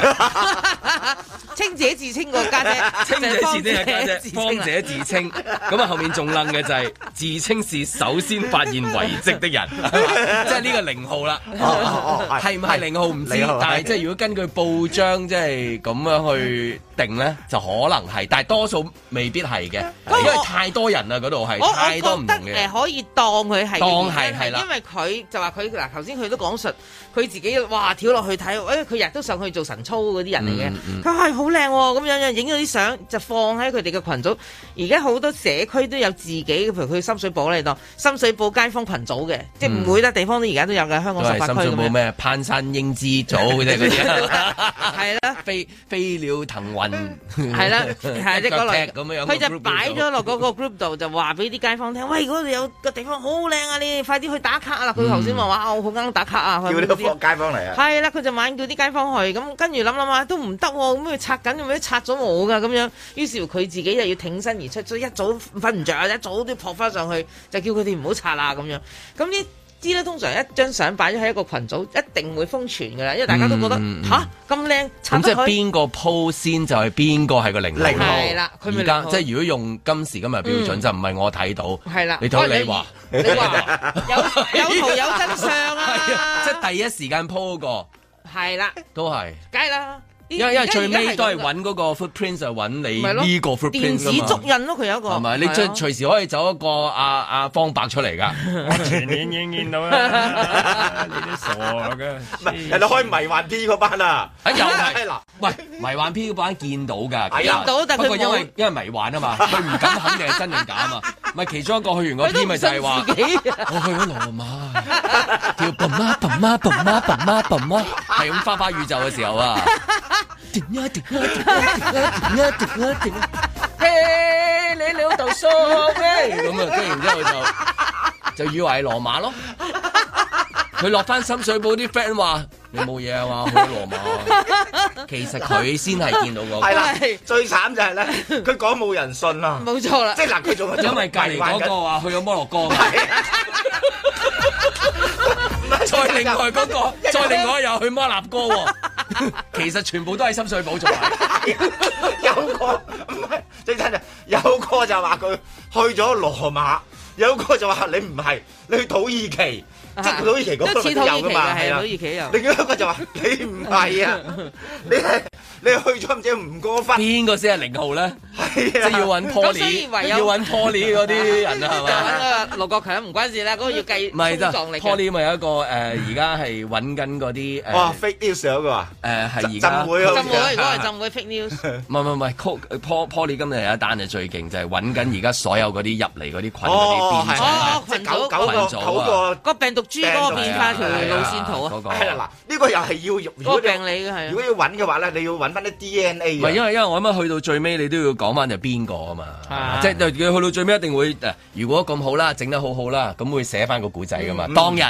清者自稱個家姐，清者自稱係家姐，芳姐自稱。咁啊，後面仲愣嘅就係自稱是首先發現遺跡的人，即係呢個零號啦。哦哦係唔係零號唔知，但係即係如果根據報章即係咁樣去定咧，就可能係，但係。多數未必係嘅，因為太多人啦，嗰度係太多唔同嘅。誒可以當佢係，當係係啦，因為佢就話佢嗱頭先佢都講述佢自己哇跳落去睇，誒佢日日都上去做晨操嗰啲人嚟嘅，佢話係好靚喎咁樣樣影咗啲相就放喺佢哋嘅羣組。而家好多社區都有自己，譬如佢深水埗咧，當深水埗街坊羣組嘅，即係每笪地方都而家都有嘅香港十八區咁樣。深水埗咩？攀山英姿組嘅啫，嗰啲係啦，飛飛鳥騰雲係啦，係。係咁嚟，佢就擺咗落嗰個 group 度， 就話俾啲街坊聽，喂，嗰度有個地方好靚啊！你快啲去打卡啦！佢頭先話，哇，我好啱打卡你啊！是是叫啲幫街坊嚟啊！係啦，佢就猛叫啲街坊去，咁跟住諗諗下都唔得喎，咁佢拆緊，咁樣拆咗我噶咁樣。於是佢自己又要挺身而出，所以一早瞓唔着，啊，一早都撲翻上去，就叫佢哋唔好拆啦咁樣。咁呢？知啦，通常一張相擺咗喺一個群組，一定會瘋傳噶啦，因為大家都覺得吓，咁靚、嗯，咁即係邊個 po 先就係邊個係個領頭。係啦，佢而家即係如果用今時今日標準，嗯、就唔係我睇到。係啦的，你睇你話，你話 有有圖有真相啊！ 即係第一時間 po 個，係啦的，都係梗係啦。因為因為最尾都係揾嗰個 footprint 啊，揾你呢個 footprint 啊，電子足印咯，佢有一個。係咪你隨隨時可以走一個阿阿方伯出嚟㗎？我前年已經見到啦。你啲傻嘅，係哋開迷幻 P 嗰班啊？有啊，嗱，唔係迷幻 P 班見到㗎。見到，不過因為因為迷幻啊嘛，佢唔敢肯定係真定假啊嘛。咪其中一個去完嗰 P，咪就係話，我去咗羅馬，叫笨媽笨媽笨媽笨媽笨媽，係咁花花宇宙嘅時候啊。點呀點呀點呀點呀點呀點呀點！誒，你老豆所咩咁啊？忽然間就就以為係羅馬咯。佢落翻深水埗啲 friend 話：你冇嘢啊嘛，去羅馬。其實佢先係見到我。係啦，最慘就係咧，佢講冇人信啊。冇錯啦，即係嗱，佢仲因為隔籬嗰個話去咗摩洛哥，再另外嗰個，再另外又去摩納哥喎。 其實全部都係深水埗做 有，有個唔係最真嘅，有個就話佢去咗羅馬，有個就話你唔係，你去土耳其，啊、即土耳其嗰個旅遊噶嘛，係啊，土耳其有，另一個就話你唔係啊，你 你去咗唔知唔過分。邊個先係零號咧？即係要揾 p o 要揾 Poly 嗰啲人啊，係嘛？就揾個陸國強唔關事啦，嗰個要計數量嚟。Poly 咪有一個誒，而家係揾緊嗰啲誒。news 嗰個誒係而浸會浸會 news。唔係唔係唔係，Poly 今日有一單就最勁，就係揾緊而家所有啲入嚟啲羣啲變。哦咗啊，病毒株個變態圖路線圖啊。係嗱，呢個又係要如果要如果要揾嘅話咧，你要翻啲 DNA。唔因為因為我諗去到最尾你都要講翻就邊個啊嘛，吧即係佢去到最尾，一定會，如果咁好啦，整得好好啦，咁會寫翻個古仔噶嘛，嗯嗯、當日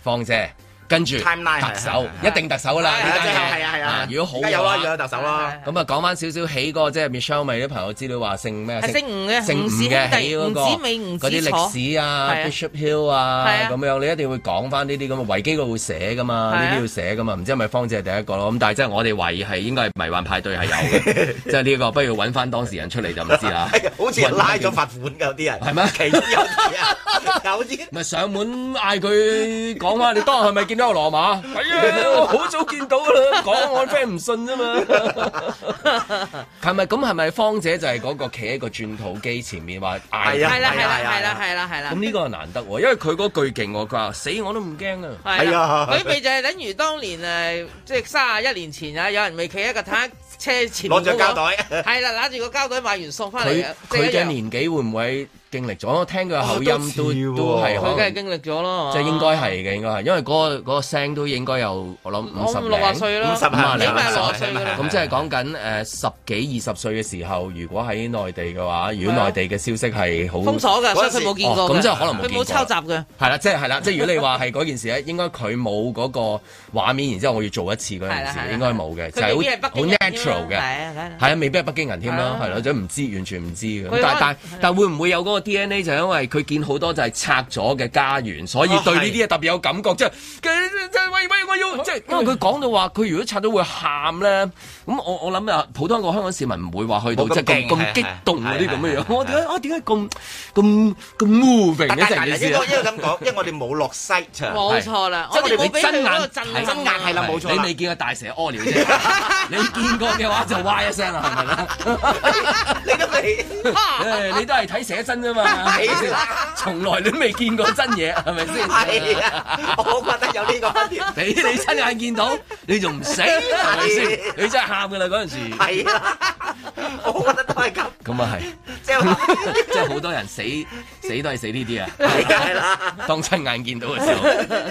放啫。跟住特首，一定特首啦。係啊係啊。如果好有啊，有特首啦。咁啊，講翻少少起嗰個即係 Michelle 美啲朋友資料話姓咩？姓吳嘅。姓吳嘅起嗰個。嗰啲歷史啊，Bishop Hill 啊，咁樣你一定會講翻呢啲咁嘅維基佢會寫噶嘛，呢啲要寫噶嘛。唔知係咪方姐係第一個咯？咁但係即係我哋懷疑係應該係迷幻派對係有嘅，即係呢個不如揾翻當事人出嚟就唔知啦。好似拉咗罰款㗎啲人，係咪？其中有啲啊，有啲唔係上門嗌佢講話，你當下係咪見到？交羅馬，係啊，好早見到噶啦，講我 friend 唔信啫嘛。係咪咁？係咪芳姐就係嗰個企喺個轉土機前面話？係啊，係啦，係啦，係啦，係啦，係啦。咁呢個係難得，因為佢嗰句勁，佢話死我都唔驚啊。係啊，佢未就係等於當年誒，即係卅一年前啊，有人未企喺一個坦克車前攞住膠袋，係啦，揦住個膠袋買完送翻嚟。佢佢嘅年紀會唔會？經歷咗，我聽佢口音都都係，佢梗係經歷咗咯。即係應該係嘅，應該係，因為嗰個嗰個聲都應該有，我諗五十六啊歲啦，五十萬零啊歲。咁即係講緊誒十幾二十歲嘅時候，如果喺內地嘅話，如果內地嘅消息係好封鎖㗎，所以佢冇見過，咁即係可能冇見過。佢冇抄襲嘅，係啦，即係係啦，即係如果你話係嗰件事咧，應該佢冇嗰個畫面，然之後我要做一次嗰陣時，應該冇嘅，就係好 natural 嘅，係啊，未必係北京人添咯，係咯，就唔知完全唔知嘅。但但但會唔會有嗰個？DNA 就因為佢見好多就係拆咗嘅家園，所以對呢啲嘢特別有感覺啫。即係、啊係、喂喂，我要即係，啊、因為佢講到話，佢如果拆咗會喊咧。咁我我諗啊，普通一個香港市民唔會話去到即係咁咁激動嗰啲咁嘅樣。我點解我點解咁咁咁 moving 一陣嘅事？因為咁講，因為我哋冇落西場，冇錯啦。即係我哋冇俾佢喺度震，真眼係啦，冇錯啦。你未見過大蛇屙尿啫，你見過嘅話就哇一聲啦，係咪啦？你都未，誒，你都係睇寫真啫嘛，從來你都未見過真嘢，係咪先？係啊，我覺得有呢個，俾你親眼見到，你仲唔死？係咪先？你真係～啱噶啦，嗰陣時係啦，我覺得都係咁。咁啊係，即係即係好多人死死都係死呢啲啊，係啦，當親眼見到嘅時候，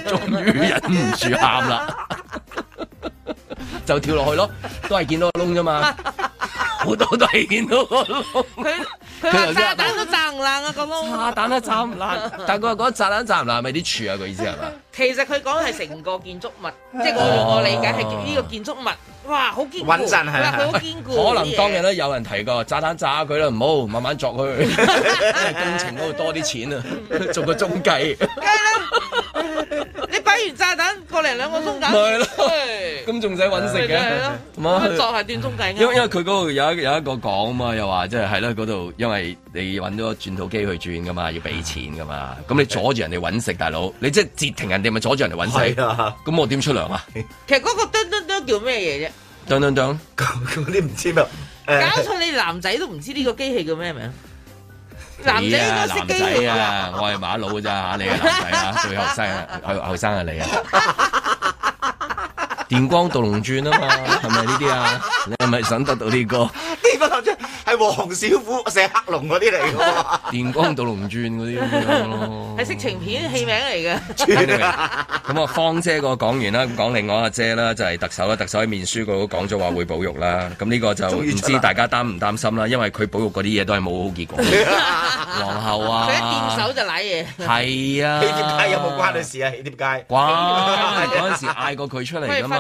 終於忍唔住喊啦， 就跳落去咯，都係見到個窿啫嘛，好 多都係見到個窿。 佢話炸彈都炸唔爛啊！咁咯炸彈都炸唔爛，但佢話嗰炸彈炸唔爛係咪啲柱啊？佢意思係嘛？其實佢講係成個建築物， 即係我我理解係呢個建築物，哇，好堅穩陣係，佢、嗯啊、好堅固。可能當日都有人提過炸彈炸下佢啦，唔好慢慢作佢 工程嗰度多啲錢啊，做個中介。 然 你擺完炸彈過嚟兩個鐘咁，係咯，咁仲使搵食嘅，咁作係斷鐘計。因因為佢嗰度有一有一個講、嘛、啊，又話即係係啦，嗰度因為你搵咗轉土機去轉噶嘛，要俾錢噶嘛，咁你阻住人哋搵食，大佬，你即係截停人哋咪阻住人哋搵食。咁我點出糧啊？糧啊 其實嗰個噔噔噔叫咩嘢啫？噔噔噔，咁啲唔知咩？搞錯，你男仔都唔知呢個機器叫咩名？ 你啊，男仔啊，我係馬佬咋？啫，你係男仔啊，最後生啊，後後生啊，你啊，電光毒龍鑽啊嘛，係咪呢啲啊？你係咪想得到呢、這個係黃小虎寫《黑龍》嗰啲嚟嘅，《電光毒龍鑽》嗰啲咁樣咯，係色情片戲名嚟嘅。咁啊，方姐個講完啦，講另外阿姐啦，就係特首啦。特首喺面書嗰度講咗話會保育啦。咁呢個就唔知大家擔唔擔心啦，因為佢保育嗰啲嘢都係冇好結果。皇后啊，佢掂手就舐嘢，係啊。喜帖街有冇關你事啊？喜帖街關嗰陣時嗌過佢出嚟㗎嘛，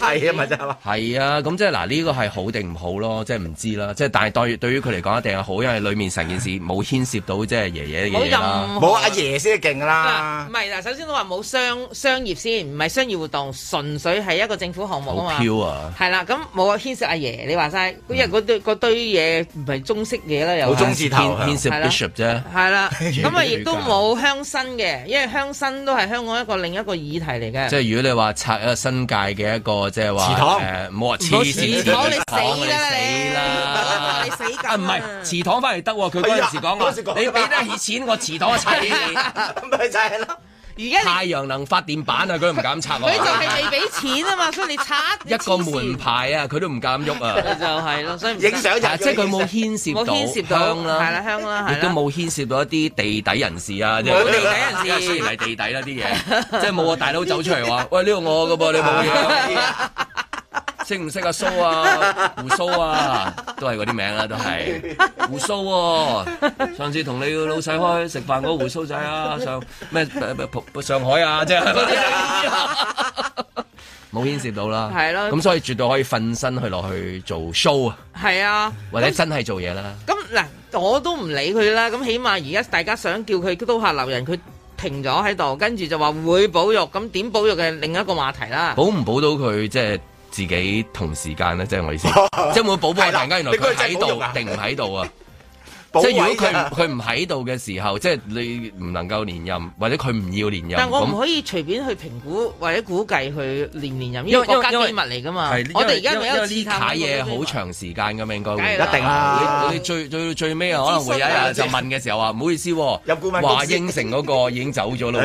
係啊咪就係係啊，咁即係嗱，呢個係好定唔好咯？即係唔知啦，即係但。對，對於佢嚟講一定係好，因為裡面成件事冇牽涉到即係爺爺嘅嘢啦。冇阿、啊、爺先係勁㗎啦。唔係嗱，首先都話冇商商業先，唔係商業活動，純粹係一個政府項目啊嘛。係啦、啊，咁冇、啊、牽涉阿爺，你話晒。因為嗰堆堆嘢唔係中式嘢啦，又。好中字頭。是牽涉 Bishop 啫。係啦上，咁啊亦都冇鄉紳嘅，因為鄉紳都係香港一個另一個議題嚟嘅。即係如果你話拆一個新界嘅一個即係話誒，冇話祠堂，你死啦你。 死㗎！唔係祠堂翻嚟得喎，佢嗰陣時講我，你俾得起錢，我祠堂拆俾你，咪就係咯。而家太陽能發電板啊，佢唔敢拆喎。佢就係未俾錢啊嘛，所以你拆一個門牌啊，佢都唔敢喐啊，就係咯。影相就即係佢冇牽涉到，冇香啦，係啦香啦，亦都冇牽涉到一啲地底人士啊。地底人士，雖然係地底啦啲嘢，即係冇個大佬走出嚟話，喂呢個我嘅噃，你冇嘢。識唔識阿蘇啊？鬍鬚啊，都係嗰啲名啦，都係鬍鬚喎。上次同你老細開食飯嗰個鬍鬚仔啊，上咩咩浦上海啊，即係嗰啲啊，冇牽涉到啦。係咯。咁所以絕對可以瞓身去落去做 show 啊。係啊，或者真係做嘢啦。咁嗱，我都唔理佢啦。咁起碼而家大家想叫佢刀下留人，佢停咗喺度，跟住就話會保育。咁點保育嘅另一個話題啦。保唔保到佢即係？自己同時間咧，即係我意思， 即係會補播啊！突然間原來佢喺度定唔喺度啊！即係如果佢佢唔喺度嘅時候，即係你唔能夠連任，或者佢唔要連任。但我唔可以隨便去評估或者估計佢連唔連任，因為國家機密嚟㗎嘛。係，我哋而家有一啲睇嘢好長時間㗎嘛，應該會。一定啊！最最最尾可能會有一日就問嘅時候話：唔好意思，話應承嗰個已經走咗啦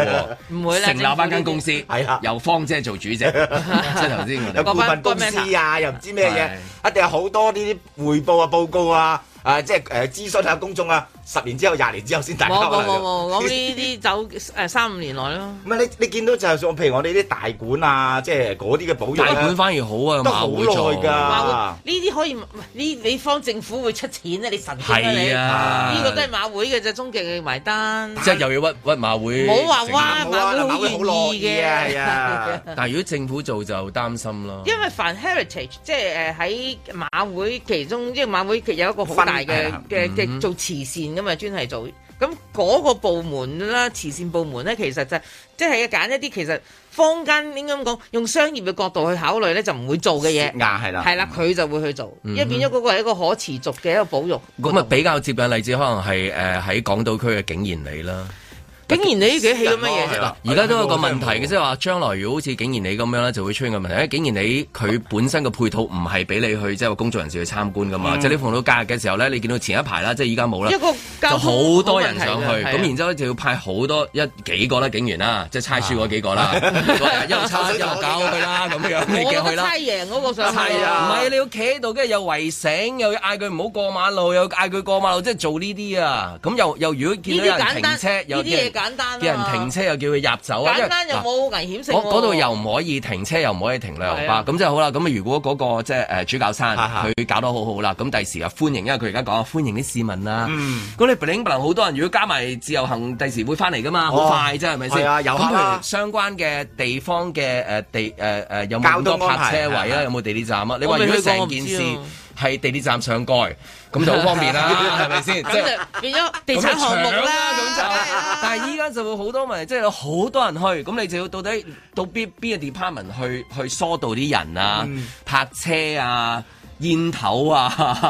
喎。唔會成立翻間公司，係啊，由方姐做主席。即係頭先有股份公司啊，又唔知咩嘢，一定有好多呢啲匯報啊、報告啊。啊！即係誒、呃，諮詢下公眾啊。十年之後、廿年之後先大冇冇冇冇，講呢啲走誒三五年內咯。唔係你你見到就係像譬如我哋啲大館啊，即係嗰啲嘅保育大館反而好啊，馬會做。得好耐馬會呢啲可以，呢你方政府會出錢啊，你神經啊係啊，呢個都係馬會嘅就終極嘅埋單。即係又要屈屈馬會。冇話哇，馬會好容易嘅，係但係如果政府做就擔心咯。因為凡 heritage 即係誒喺馬會其中，即係馬會其實有一個好大嘅嘅嘅做慈善，咁啊，專係做咁嗰個部門啦，慈善部門咧，其實就即係要揀一啲其實坊間點咁講，用商業嘅角度去考慮咧，就唔會做嘅嘢。啱係啦，係啦，佢就會去做，因為、嗯、哼變咗嗰個係一個可持續嘅一個保育。咁啊、嗯，比較接近例子，可能係誒喺港島區嘅景賢嚟啦。，竟然你幾起到乜嘢，而家都有個問題嘅，即係話將來如果好似竟然你咁樣咧，就會出現個問題。竟然你佢本身嘅配套唔係俾你去即係個工作人士去參觀㗎嘛。即係你逢到假日嘅時候咧，你見到前一排啦，即係而家冇啦，就好多人上去。咁然之後就要派好多一幾個啦，警員啦，即係差輸嗰幾個啦，又抽又搞佢啦咁樣，你嘅去啦。我猜贏唔係你要企喺度，跟住又圍繩，又要嗌佢唔好過馬路，又嗌佢過馬路，即係做呢啲啊！咁又又如果見到人停車，又嘅。簡單啊！人停車又叫佢入走啊！簡單又冇危險性。我嗰度又唔可以停車，又唔可以停旅遊巴。咁即係好啦。咁啊，如果嗰個即係誒主教山，佢搞得好好啦。咁第時啊，歡迎，因為佢而家講啊，歡迎啲市民啦。咁你柏林柏林，好多人，如果加埋自由行，第時會翻嚟噶嘛？好快啫，係咪先？有佢相關嘅地方嘅誒地誒誒，有冇咁多泊車位啊？有冇地鐵站啊？你話如果成件事係地鐵站上蓋？咁 就好方便啦，係咪先？即係 就變咗地產項目啦。 但係依家就會好多問題，即係有好多人去，咁你就要到底到邊邊個 department 去去疏導啲人啊、 泊車啊。煙頭啊，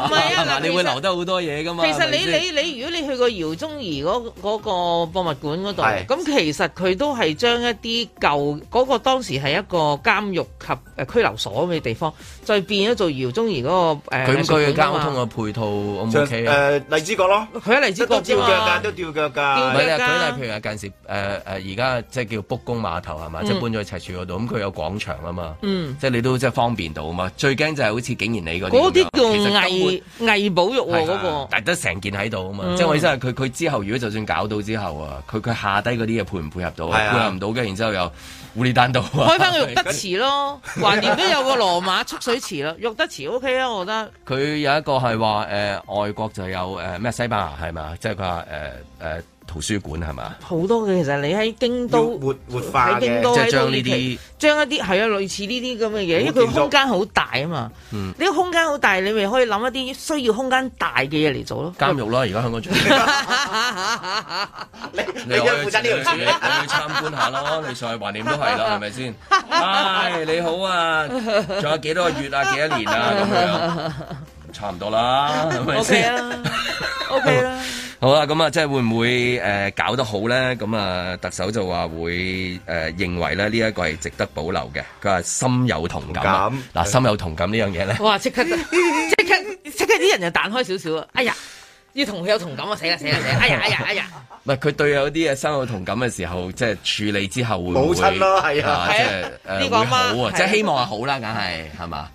唔係啊嗱，你會留得好多嘢噶嘛？其實你你你，如果你去過饒宗頤嗰個博物館嗰度，咁其實佢都係將一啲舊嗰個當時係一個監獄及誒拘留所嘅地方，再變咗做饒宗頤嗰個誒。佢嘅交通嘅配套，O 唔 OK 啊？誒荔枝角咯，佢喺，荔枝角吊腳㗎，都吊腳㗎，唔係啊。舉例譬如啊，近時誒誒而家即係叫卜公碼頭係嘛，即係搬咗去赤柱嗰度，咁佢有廣場啊嘛，即係你都即係方便到啊嘛。最驚就係好似竟然你。嗰啲叫偽偽保育嗰、啊啊嗰個，得成件喺度啊嘛！即係我意思係佢佢之後，如果就算搞到之後啊，佢佢下低嗰啲嘢配唔配合到？啊、配合唔到嘅，然之後又烏裏丹都開翻個浴德池咯，橫掂都有個羅馬蓄水池啦，浴德池 OK 啊，我覺得佢有一個係話誒，外國就有誒咩、呃、西班牙係嘛，即係佢話誒誒。就是圖書館係嘛？好多嘅，其實你喺京都活活化嘅，即係將呢啲將一啲係啊，類似呢啲咁嘅嘢，因為佢空間好大啊嘛。嗯，呢個空間好大，你咪可以諗一啲需要空間大嘅嘢嚟做咯。監獄啦，而家香港最你你去負責呢樣嘢，你去參觀下咯，你上去懷念都係啦，係咪先？係你好啊，仲有幾多個月啊，幾多年啊？咁樣差唔多啦，係咪先？OK 啦，OK 啦。好啦，咁啊，即係會唔會誒、呃、搞得好咧？咁啊，特首就話會誒、呃、認為咧呢一個係值得保留嘅。佢話深有同感，嗱感，深有同感呢樣嘢咧。哇！即刻即 刻即刻啲人就彈開少少哎呀，要同佢有同感啊！死啦死啦死！哎呀哎呀哎呀！唔係佢對有啲嘢深有同感嘅時候，即係處理之後媽媽會好會？母親咯，係啊，即係誒會好啊，即係希望係好啦，梗係係嘛。.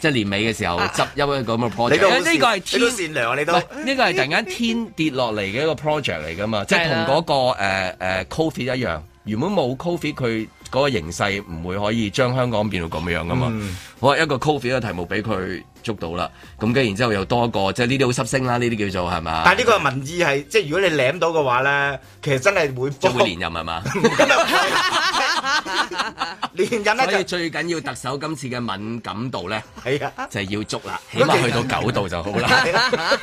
即係年尾嘅時候執因為咁嘅 project，呢個係、哎這個、天善良你都，呢、這個係突然間天跌落嚟嘅一個 project 嚟噶嘛， 即係同嗰個誒 COVID 一樣，原本冇 COVID 佢嗰個形勢唔會可以將香港變到咁樣噶嘛，好、嗯、我一個 COVID 嘅題目俾佢。捉到啦，咁跟然之後又多一個，即係呢啲好濕聲啦，呢啲叫做係嘛？但係呢個民意係即係如果你舐到嘅話咧，其實真係會捉會連任係嘛？連任啊！所以最緊要特首今次嘅敏感度咧，係啊，就係要捉啦，起碼去到九度就好啦。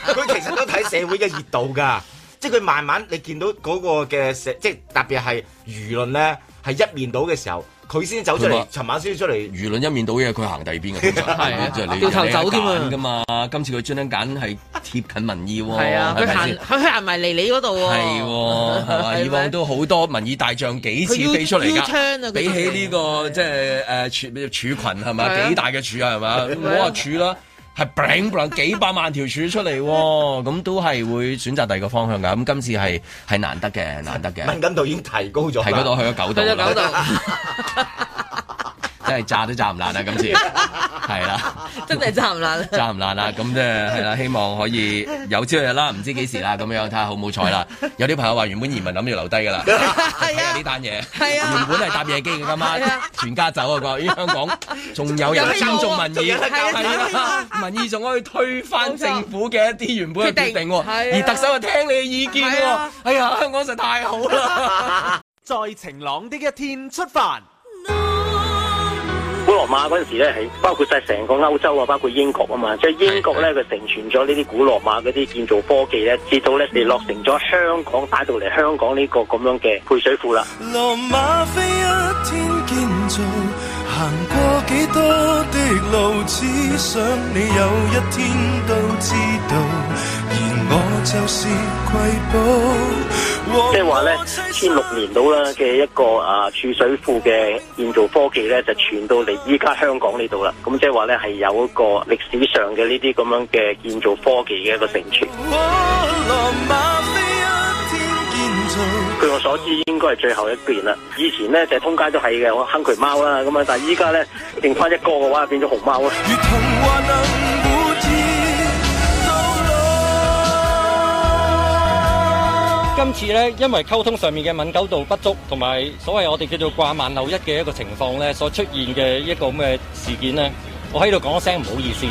佢其實都睇社會嘅熱度㗎，即係佢慢慢你見到嗰個嘅社，即係特別係輿論咧係一面倒嘅時候。佢先走出嚟，尋晚先出嚟。輿論一面倒嘢，佢行第二邊嘅，你掉頭走㗎嘛！今次佢專登揀係貼近民意喎。佢行，佢行埋嚟你嗰度喎。係喎，以往都好多民意大將幾次飛出嚟㗎。比起呢個即係誒柱柱羣係咪，幾大嘅柱係咪，我話柱啦。係 p l 幾百萬條柱出嚟喎，哦，咁都係會選擇第二個方向㗎。咁、嗯、今次係係難得嘅，難得嘅。溫度已經提高咗，提高到去咗九度啦。 真係炸都炸唔爛啊！今次係啦，真係炸唔爛，炸唔爛啊！咁即係係啦，希望可以有朝日啦，唔知幾時啦，咁樣睇下好唔好彩啦。有啲朋友話原本移民諗住留低㗎啦，睇下呢單嘢。係啊，原本係搭夜機㗎嘛，全家走啊！佢話：咦，香港仲有人尊重民意係啦，民意仲可以推翻政府嘅一啲原本嘅決定喎。而特首就聽你嘅意見喎。哎呀，香港實太好啦！在晴朗的一天出發。古羅馬嗰陣時咧，係包括晒成個歐洲啊，包括英國啊嘛，即係英國咧，佢成全咗呢啲古羅馬嗰啲建造科技咧，至到咧你落成咗香港打到嚟香港呢個咁樣嘅配水庫啦。即係話咧，千六年到啦嘅一個啊儲水庫嘅建造科技咧，就傳到嚟依家香港呢度啦。咁即係話咧，係有一個歷史上嘅呢啲咁樣嘅建造科技嘅一個承傳。 據我所知，應該係最後一變啦。以前咧就係、通街都係嘅，我坑渠貓啦咁啊，但係依家咧剩翻一個嘅話，變咗熊貓啊。 今次咧，因為溝通上面嘅敏感度不足，同埋所謂我哋叫做掛萬漏一嘅一個情況咧，所出現嘅一個咁嘅事件咧，我喺度講聲唔好意思。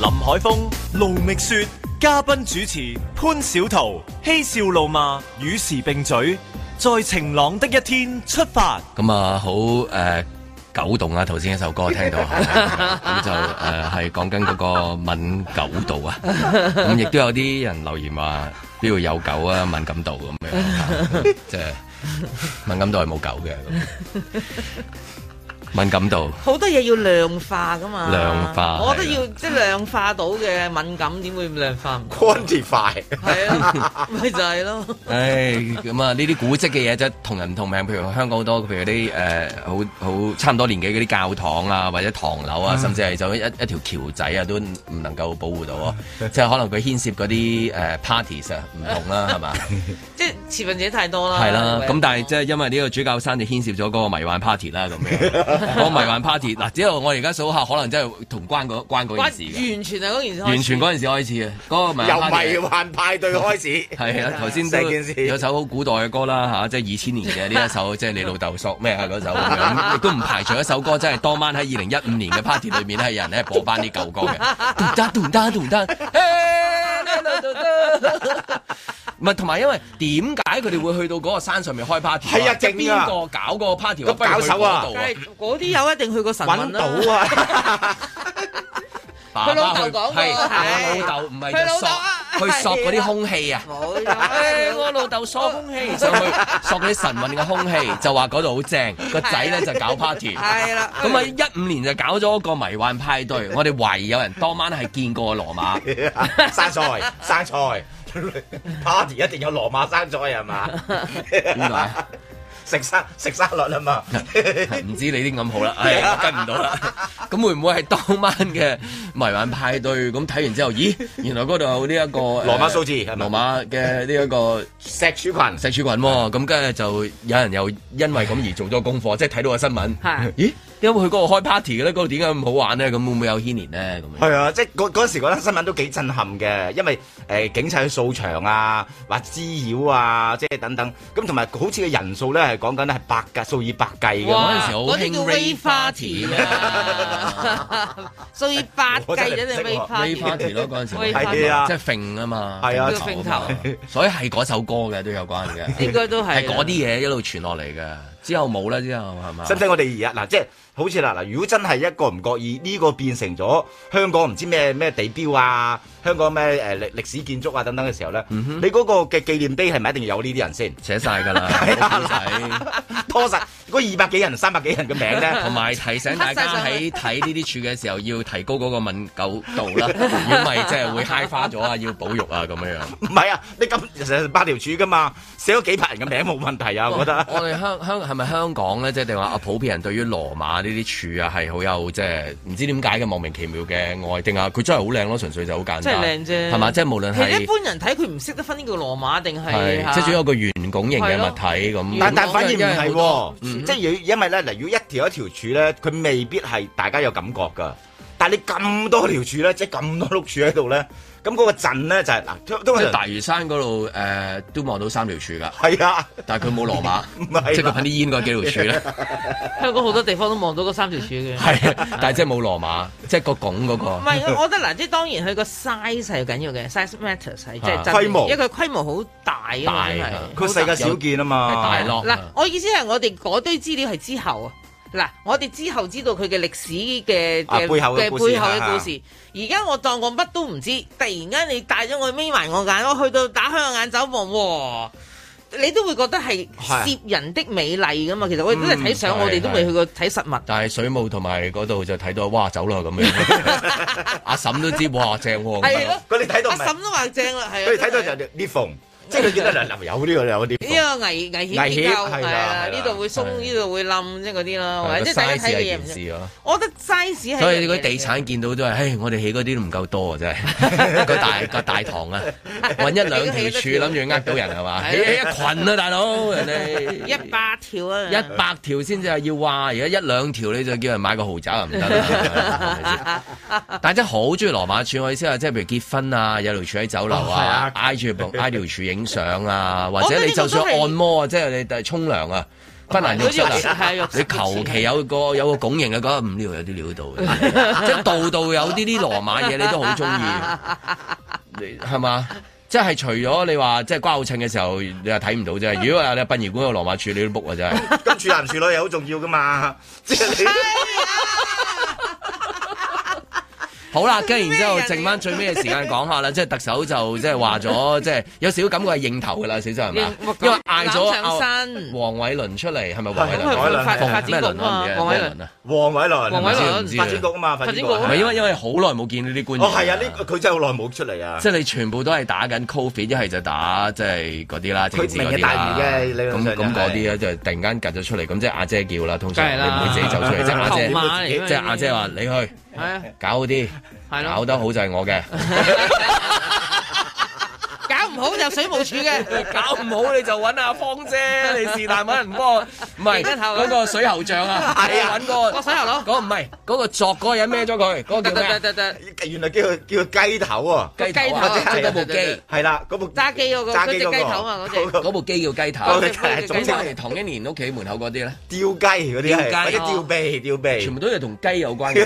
林海峯，盧覓雪。嘉賓主持潘小桃，嬉笑怒罵與時並嘴，在晴朗的一天出發。咁啊，好、嗯、誒、呃，狗動啊，頭先一首歌聽到，咁、 嗯、就誒係講緊嗰個敏感度啊。咁亦都有啲人留言話，呢度有狗啊？敏感度咁樣、嗯嗯嗯嗯，即係敏感度係冇狗嘅。嗯敏感度好 多嘢要量化噶嘛，量化我覺得要的即係量化到嘅敏感點會唔量化 Quantify 係啊，咪就係咯、 哎。唉、嗯，咁啊呢啲古跡嘅嘢真係同人唔同命，譬如香港好多，譬如啲誒、呃、好好，好差唔多年紀嗰啲教堂啊，或者唐樓啊，甚至係就一一條橋仔啊，都唔能夠保護到。呃、啊。即係可能佢牽涉嗰啲誒 parties 啊，唔同啦，係嘛？即係持份者太多啦。係啦，咁、嗯嗯嗯、但係即係因為呢個主教山就牽涉咗嗰個迷幻 party 啦、啊，咁樣。 個迷幻 party 嗱，只後我而家數下，可能真係同關個關個關件事，完全係嗰陣時，完全嗰陣時開始嘅嗰 個迷幻派對開始，係啦、 嗯，頭先第一件事。有首好古代嘅歌啦，吓、啊，即係二千年嘅呢一首，即係 你老豆索咩啊嗰首，亦都唔排除一首歌真係當晚喺二零一五年嘅 party 裏面咧，有人咧播翻啲舊歌嘅，嘟得， 嘟得，嘟、呃、噠。 唔係，同埋因為點解佢哋會去到嗰個山上面開 party？係啊，正啊！邊個搞嗰個 party？個搞手啊！係嗰啲有一定去過神韻啦。揾到啊！爸爸去講過，我老豆唔係佢去索嗰啲空氣啊！我老豆，我老豆索空氣上去索嗰啲神韻嘅空氣，就話嗰度好正。個仔咧就搞 party。係啦。咁啊，一五年就搞咗個迷幻派對。我哋懷疑有人當晚係見過羅馬生菜，生菜。Party 一定有羅馬生菜係嘛？原來食沙食沙律啊嘛？唔知你啲咁好啦，係跟唔到啦。咁會唔會係當晚嘅迷幻派對？咁睇完之後，咦？原來嗰度有呢一個羅馬數字，羅馬嘅呢一個石柱群，石柱群咁，跟住就有人又因為咁而做咗功課，即係睇到個新聞。係咦？因為佢嗰度開 party 嘅咧，嗰度點解咁好玩咧？咁會唔會有牽連咧？咁係啊，即係嗰嗰時嗰單新聞都幾震撼嘅，因為誒警察去掃場啊，或滋擾啊，即係等等。咁同埋好似嘅人數咧，係講緊係百計，數以百計嘅。嗰陣時好興叫 Rave Party 嘅，數以百計嘅 Rave Party 咯，嗰陣時係啊，即係甩啊嘛，係啊，甩頭，所以係嗰首歌嘅都有關嘅，應該都係。嗰啲嘢一路傳落嚟嘅，之後冇啦，之後係嘛？使唔使我哋而家嗱，即係。好似啦嗱，如果真係一個唔覺意呢個變成咗香港唔知咩咩地標啊，香港咩誒歷歷史建築啊等等嘅時候咧，嗯、哼你嗰個嘅紀念碑係咪一定要有呢啲人先？寫晒㗎啦，係啊， 拖實嗰二百幾人三百幾人嘅名咧，同埋提醒大家喺睇呢啲柱嘅時候要提高嗰個敏感度啦，如果唔係即係會 high 花咗啊，要保育啊咁樣樣。唔係啊，你咁八條柱㗎嘛，寫咗幾百人嘅名冇問題啊，我覺得。我哋香香係咪香港咧？即係定話啊，是是就是、普遍人對於羅馬。呢啲柱啊，係好有即係唔知點解嘅莫名其妙嘅外定啊，佢真係好靚咯，純粹就好簡單靚啫，係嘛，即係無論係一般人睇佢唔識得分呢個羅馬定係，是啊、即係只有一個圓拱形嘅物體咁。哦、但但反而唔係、哦，嗯、即係因為咧，嗱如果一條一條柱咧，佢未必係大家有感覺噶。但係你咁多條柱咧，即係咁多碌柱喺度咧，咁嗰個陣咧就係嗱，都係大嶼山嗰度，誒都望到三條柱噶。係啊，但係佢冇羅馬，即係佢噴啲煙嗰幾條柱咧。香港好多地方都望到嗰三條柱嘅。係啊，但係即係冇羅馬，即係個拱嗰個。唔係，我覺得嗱，即係當然佢個 size 係緊要嘅，size matters 係即係規模，因為佢規模好大。大佢世界少見啊嘛。大咯。嗱，我意思係我哋嗰堆資料係之後啊。嗱，我哋之後知道佢嘅歷史嘅嘅嘅背後嘅故事，而家哈我當我乜都唔知，突然間你帶咗我眯埋我眼，我去到打開我眼走望，你都會覺得係攝人的美麗噶嘛。其實我哋都係睇相，我哋都未去過睇實物。但係水母同埋嗰度就睇到，哇，走啦咁樣。阿、 啊、嬸都知，哇，正喎、啊。係咯 麼，佢哋睇到阿嬸都話正啦，係佢哋睇到就裂縫。即係見得林林有啲嗰啲，呢個危危險，危險係啊！呢度會鬆，呢度會冧啫嗰啲咯，或者睇睇嘢唔知咯。我覺得 size 係，所以嗰地產見到都係，唉！我哋起嗰啲都唔夠多啊，真係個大個大堂啊，揾一兩條柱諗住呃到人係嘛？起一群啊，大佬人哋一百條啊，一百條先至係要話，而家一兩條你就叫人買個豪宅啊，唔得。但係真係好中意羅馬柱，我意思係即係譬如結婚啊，有條柱喺酒樓啊，挨住挨條柱影相啊，或者你就算按摩，哦這個、啊，即係你哋沖涼啊，不難影出嚟。你求其有個有個拱形嘅，覺得五料有啲料到， 即係度度有啲啲羅馬嘢，你都好中意。你係嘛？即係除咗你話即係瓜老襯嘅時候，你又睇唔到啫。如果話你殯儀館個羅馬柱，你都 book 啊，真係。咁處男處女又好重要噶嘛？即係你。 好啦，跟住然之後，剩翻最尾嘅時間講下啦，即係特首就即係話咗，即係有少少感覺係認頭噶啦，事實係咪？因為嗌咗上阿黃偉綸出嚟，係咪黃偉綸？係咪發發展局嘅？黃偉綸啊，黃偉綸，黃偉綸發展局啊嘛，發展局。唔係因為因為好耐冇見到啲官員。哦係啊，呢佢真係好耐冇出嚟啊。即係你全部都係打緊 Covid，一係就打即係嗰啲啦，政治嗰啲啦。佢明嘅大魚嘅，你咁咁嗰啲咧就突然間夾咗出嚟，咁即係阿姐叫啦，通常你唔會自己走出嚟，即係阿姐，即係阿姐話你去。係啊，搞好啲，係啦，搞得好就係我嘅。搞唔好入水務處嘅，搞唔好你就揾阿芳姐。你是但揾人幫，唔係嗰個水喉匠啊，係啊，揾個個水喉佬。嗰個唔係嗰個作嗰個人孭咗佢。嗰叫咩？原來叫佢叫雞頭喎。雞頭啊，係啦，嗰部揸雞嗰個揸雞頭嘛，嗰隻嗰部機叫雞頭。總之係唐英年屋企門口嗰啲咧，吊雞嗰啲係或者吊臂吊臂，全部都係同雞有關嘅。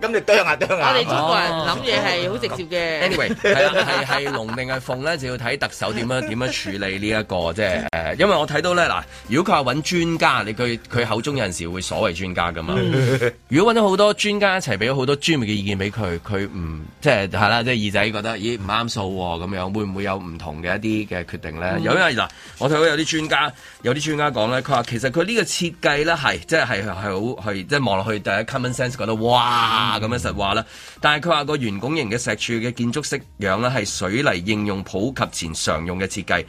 咁你啄下啄下。我哋中國人諗嘢係好直接嘅。Anyway，係係係龍定係鳳咧？就 unsafe problem、嗯、要睇特首點樣點樣處理呢、這、一個即係，因為我睇到咧嗱，如果佢話揾專家，你佢佢口中有陣時會所謂專家噶嘛？couples 如果揾咗好多專家一齊俾咗好多專業嘅意見俾佢，佢唔即係係啦，即係、嗯就是就是、耳仔覺得咦唔啱數咁樣，會唔會有唔同嘅一啲嘅決定咧？有因為嗱，我睇到有啲專家，有啲專家講咧，佢話其實佢呢個設計咧係即係係係好係即係望落去第一 common sense 覺得哇咁樣實話啦， 但係佢話個圓拱形嘅石柱嘅建築式樣咧係水泥應用普普及前常用嘅設計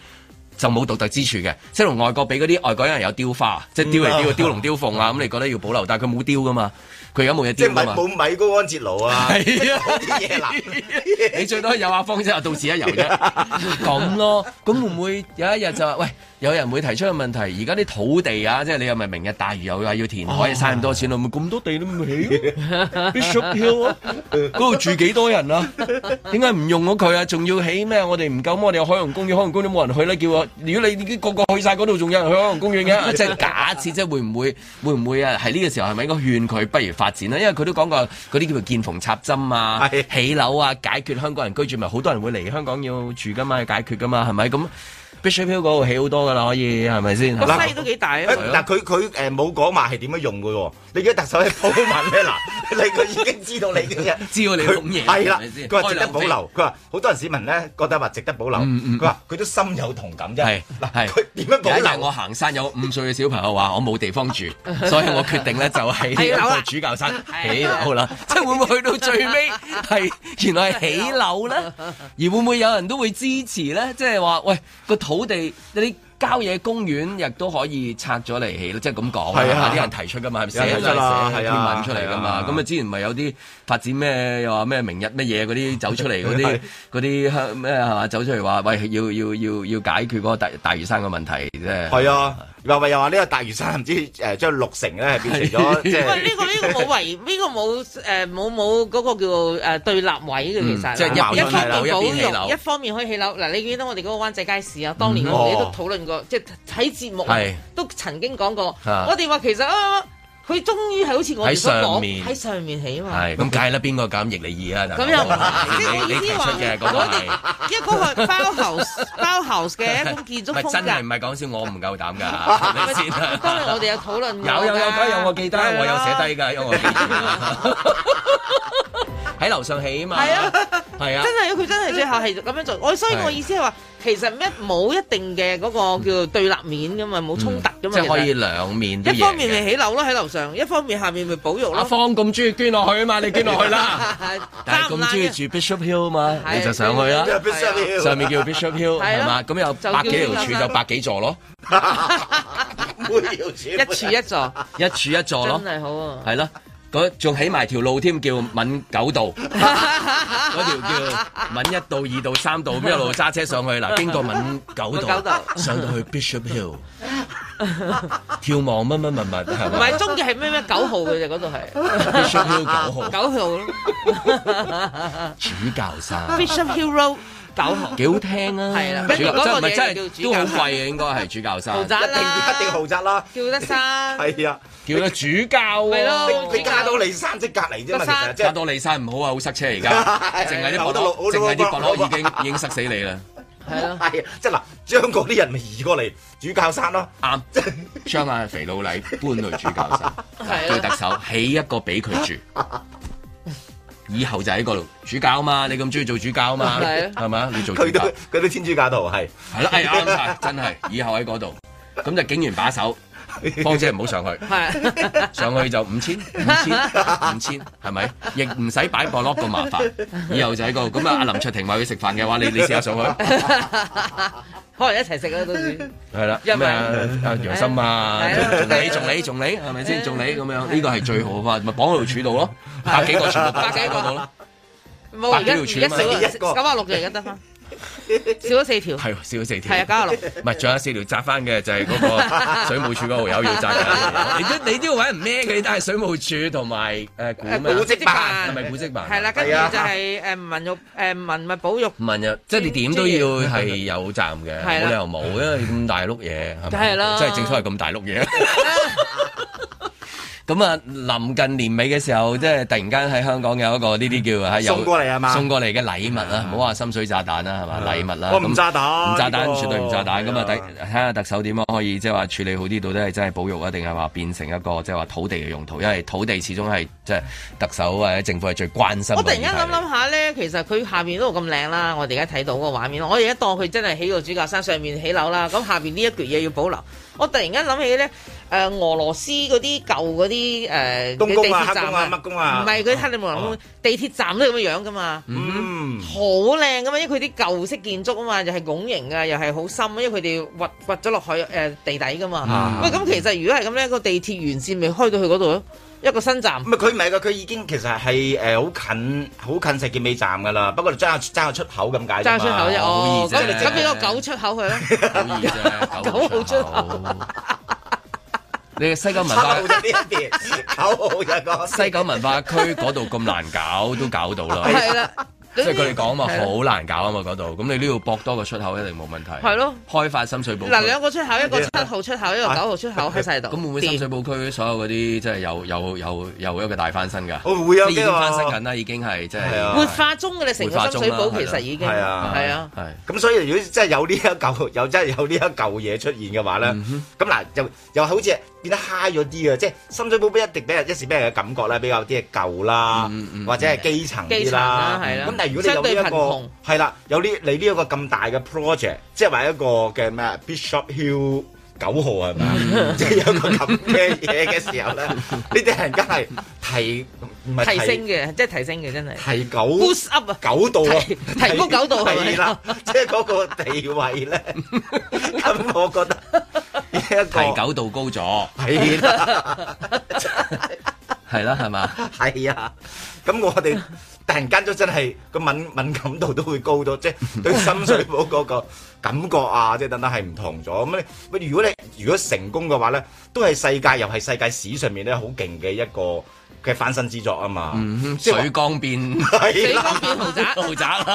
就冇獨特之處嘅，即係同外國俾嗰啲外國人有雕花，即係雕嚟雕去，雕龍雕鳳啊，咁你覺得要保留，但係佢冇雕噶嘛，佢而家冇嘢雕噶嘛。冇米,米高安捷羅啊，係啊，啲嘢嗱， 你最多有阿方姐係到此一遊啫，咁、啊、咯，咁會唔會有一日就話喂？有人會提出個問題，而家啲土地啊，即係你又咪明日大嶼又話要填海，啊、嘥咁多錢咯，咁多地都唔起，啲雪票啊，嗰度 住幾多人啊？點解唔用咗佢啊？仲要起咩？我哋唔夠我哋有海洋公園，海洋公園都冇人去呢？叫我如果你你啲個個去晒嗰度，仲有人去海洋公園嘅？ 即係假設，即係會唔會會唔會啊？係呢個時候係咪應該勸佢不如發展啊？因為佢都講過嗰啲叫做見縫插針啊，起樓啊，解決香港人居住，咪好 多人會嚟香港要住噶嘛，解決噶嘛，係咪咁？必須喺嗰度起好多噶啦，可以係咪先？嗱，都幾大啊！嗱，佢佢誒冇講埋係點樣用嘅喎？你記得特首喺鋪埋咧，嗱，你佢已經知道你嘅，知道你講嘢係咪先？佢話值得保留，佢話好多人市民咧覺得話值得保留，佢話佢都心有同感啫。嗱，佢點樣保留？我行山有五歲嘅小朋友話：我冇地方住，所以我決定咧就喺主教山起樓啦。即係會唔會去到最尾係原來係起樓咧？而會唔會有人都會支持咧？即係話喂土地啲郊野公園亦都可以拆咗嚟，起即係咁講係啊！啲人提出噶嘛，咪、啊、寫咗寫篇文、啊、出嚟噶嘛，咁啊之前咪有啲發展咩又話咩明日乜嘢嗰啲走出嚟嗰啲嗰啲咩係嘛走出嚟話喂，要要要要解決嗰個大大嶼山嘅問題啫，係啊。又咪話呢個大嶼山唔知誒將六成咧變成咗即係，呢個呢、這個冇圍，呢、這個冇誒冇冇嗰個叫做誒、呃、對立位嘅其實，一方面可以起一方面可以起樓。嗱，你見到我哋嗰個灣仔街市啊，當年我哋都討論過，即係睇節目是都曾經講過， 我哋話其實啊。佢終於係好似我哋所講，喺上面起啊嘛。係咁，梗係啦，邊個敢逆你意啊？咁又唔係，即係我意思話，嗰啲，因為嗰個包 house 包 house 嘅一種建築風格。咪真係唔係講笑，我唔夠膽㗎。睇下先，我哋有討論。有有有睇有，我記得，我有寫低㗎，因為我喺樓上起啊嘛。係啊，係啊，真係啊，佢真係最後係咁樣做。我所以我意思係話。其實咩冇一定嘅嗰個叫對立面㗎嘛，冇衝突㗎嘛，即係可以兩面。一方面咪起樓咯喺樓上，一方面下面咪保育咯。阿方咁中意捐落去啊嘛，你捐落去啦。但係咁中意住 Bishop Hill 啊嘛，你就上去啦。上面叫 Bishop Hill，係嘛？咁有百幾條柱就百幾座咯。每條柱。一柱一座。一柱一座咯。真係好啊。係咯。嗰仲起埋條路添，叫敏九道，嗰條叫敏一道、二道、三道，咁一路揸車上去，嗱，經過敏九道，上到去 Bishop Hill，眺望乜乜物物。唔係，中嘅係咩咩九號嘅啫，嗰度係 Bishop Hill 九號。九號。主教山。Bishop Hill Road。幾好聽啊！係啦，嗰個嘢叫主教，都好貴啊，應該係主教山，一定一定豪宅啦。叫得山，係啊，叫得主教。係咯，你加多利山即隔離啫嘛，加多利山唔好啊，好塞車而家，淨係啲柏，淨係啲柏柯已經已經塞死你啦。係咯，係啊，即嗱，將嗰啲人移過嚟主教山咯，啱。將阿肥佬黎搬去主教山，對特首起一個俾佢住。以後就喺嗰度主教啊嘛，你咁中意做主教啊嘛，係啊，係嘛，你做主教，佢啲天主教徒係係啦，係啊、哎，真係以後喺嗰度，咁 就警員把守，方姐唔好上去， 上去就五千五千五千，係咪？ 亦唔使擺布攞咁麻煩，以後就喺嗰度。咁啊，阿林卓廷話佢食飯嘅話，你你試下上去。 可能一齊食啊，到時係啦，因為阿楊森啊，你仲你仲你，係咪先？仲你咁樣呢個係最好嘅嘛，咪綁喺條柱度咯，百幾個全部擺喺度咯，冇而家而家剩一個九啊六嚟，而家得翻。少咗四條，係少咗四條，係啊九啊六，唔係仲有四條扎翻嘅，就係嗰個水務署個好友要扎嘅。你都你都要人孭嘅。你都係水務署同埋誒古古蹟辦係咪古蹟辦？係啦，跟住就係誒文育誒文物保育。文育即係你點都要係有責任嘅，冇理由冇，因為咁大碌嘢係咪，即係正所謂咁大碌嘢。咁啊，臨近年尾嘅時候，即係突然間喺香港有一個呢啲叫啊，送過嚟啊嘛，送過嚟嘅禮物啦，唔好話深水炸彈啦，係嘛禮物啦，唔炸彈，唔個、哦、炸彈絕對唔炸彈咁嘛。睇睇下特首點樣可以即係話處理好啲，到底係真係保育啊，定係話變成一個即係話土地嘅用途？因為土地始終係即係特首或者政府係最關心。我突然間諗諗下咧，其實佢下面都咁靚啦，我哋而家睇到嗰個畫面，我而家當佢真係起個主教山上，上面起樓啦，咁下邊呢一橛嘢要保留。 我突然間諗起咧，誒、呃、俄羅斯嗰啲舊嗰啲誒，呃啊、地鐵站啊，乜工啊，唔係佢克里姆林宮，啊、地鐵站都咁嘅樣噶嘛，嗯，好靚噶嘛，因為佢啲舊式建築啊嘛，又係拱形啊，又係好深，因為佢哋挖挖咗落去誒、呃、地底噶嘛。喂，咁其實如果係咁咧，個地鐵沿線咪開到去嗰度咯？一個新站，唔係佢，唔係噶，佢 已經其實係誒好近好近石硤尾站噶啦，不過爭爭個出口咁解啫嘛。爭出口啫，哦，咁幾個九出口去啦。九號出口， 你嘅西，西九文化西九文化區嗰度咁難搞都搞到 啦。係啦。即係佢哋講啊嘛，好難搞啊嘛嗰度，咁你呢度搏多個出口一定冇問題。係咯，開發深水埗嗱，兩個出口，一個七號出口，一個九號出口喺晒度。咁會唔會深水埗區所有嗰啲即係有有有有一個大翻身噶？會會有咩翻身緊啦，已經係即係活化中嘅，你成個深水埗其實已經係啊係啊，咁所以如果真係有呢一嚿，又真係有呢一嚿嘢出現嘅話咧，咁嗱又又好似。變得 high 咗啲、嗯嗯、啊！即係深水埗，一定俾人一時俾人嘅感覺咧，比較啲係舊啦，或者係基層啲啦。咁但係如果你有呢、這個、一個係啦，有呢你呢一個咁大嘅 project，即係話一個嘅咩 Bishop Hill。九號係咪？即係有個咁嘅嘢嘅時候咧，呢啲 人家係提提，提升嘅，提即係提升嘅真係提九 Boost up 九度啊，提高九度係啦，即係嗰個地位咧，我覺得一提九度高咗係啦。 係啦，係嘛？係啊！咁、 啊、我哋突然間都真係個敏敏感度都會高咗，即係對深水埗嗰個感覺啊，即係等等係唔同咗。咁咧，喂，如果你如果成功嘅話咧，都係世界又係世界史上面咧好勁嘅一個嘅翻身之作啊嘛！嗯、水江變，水江變豪宅，豪宅，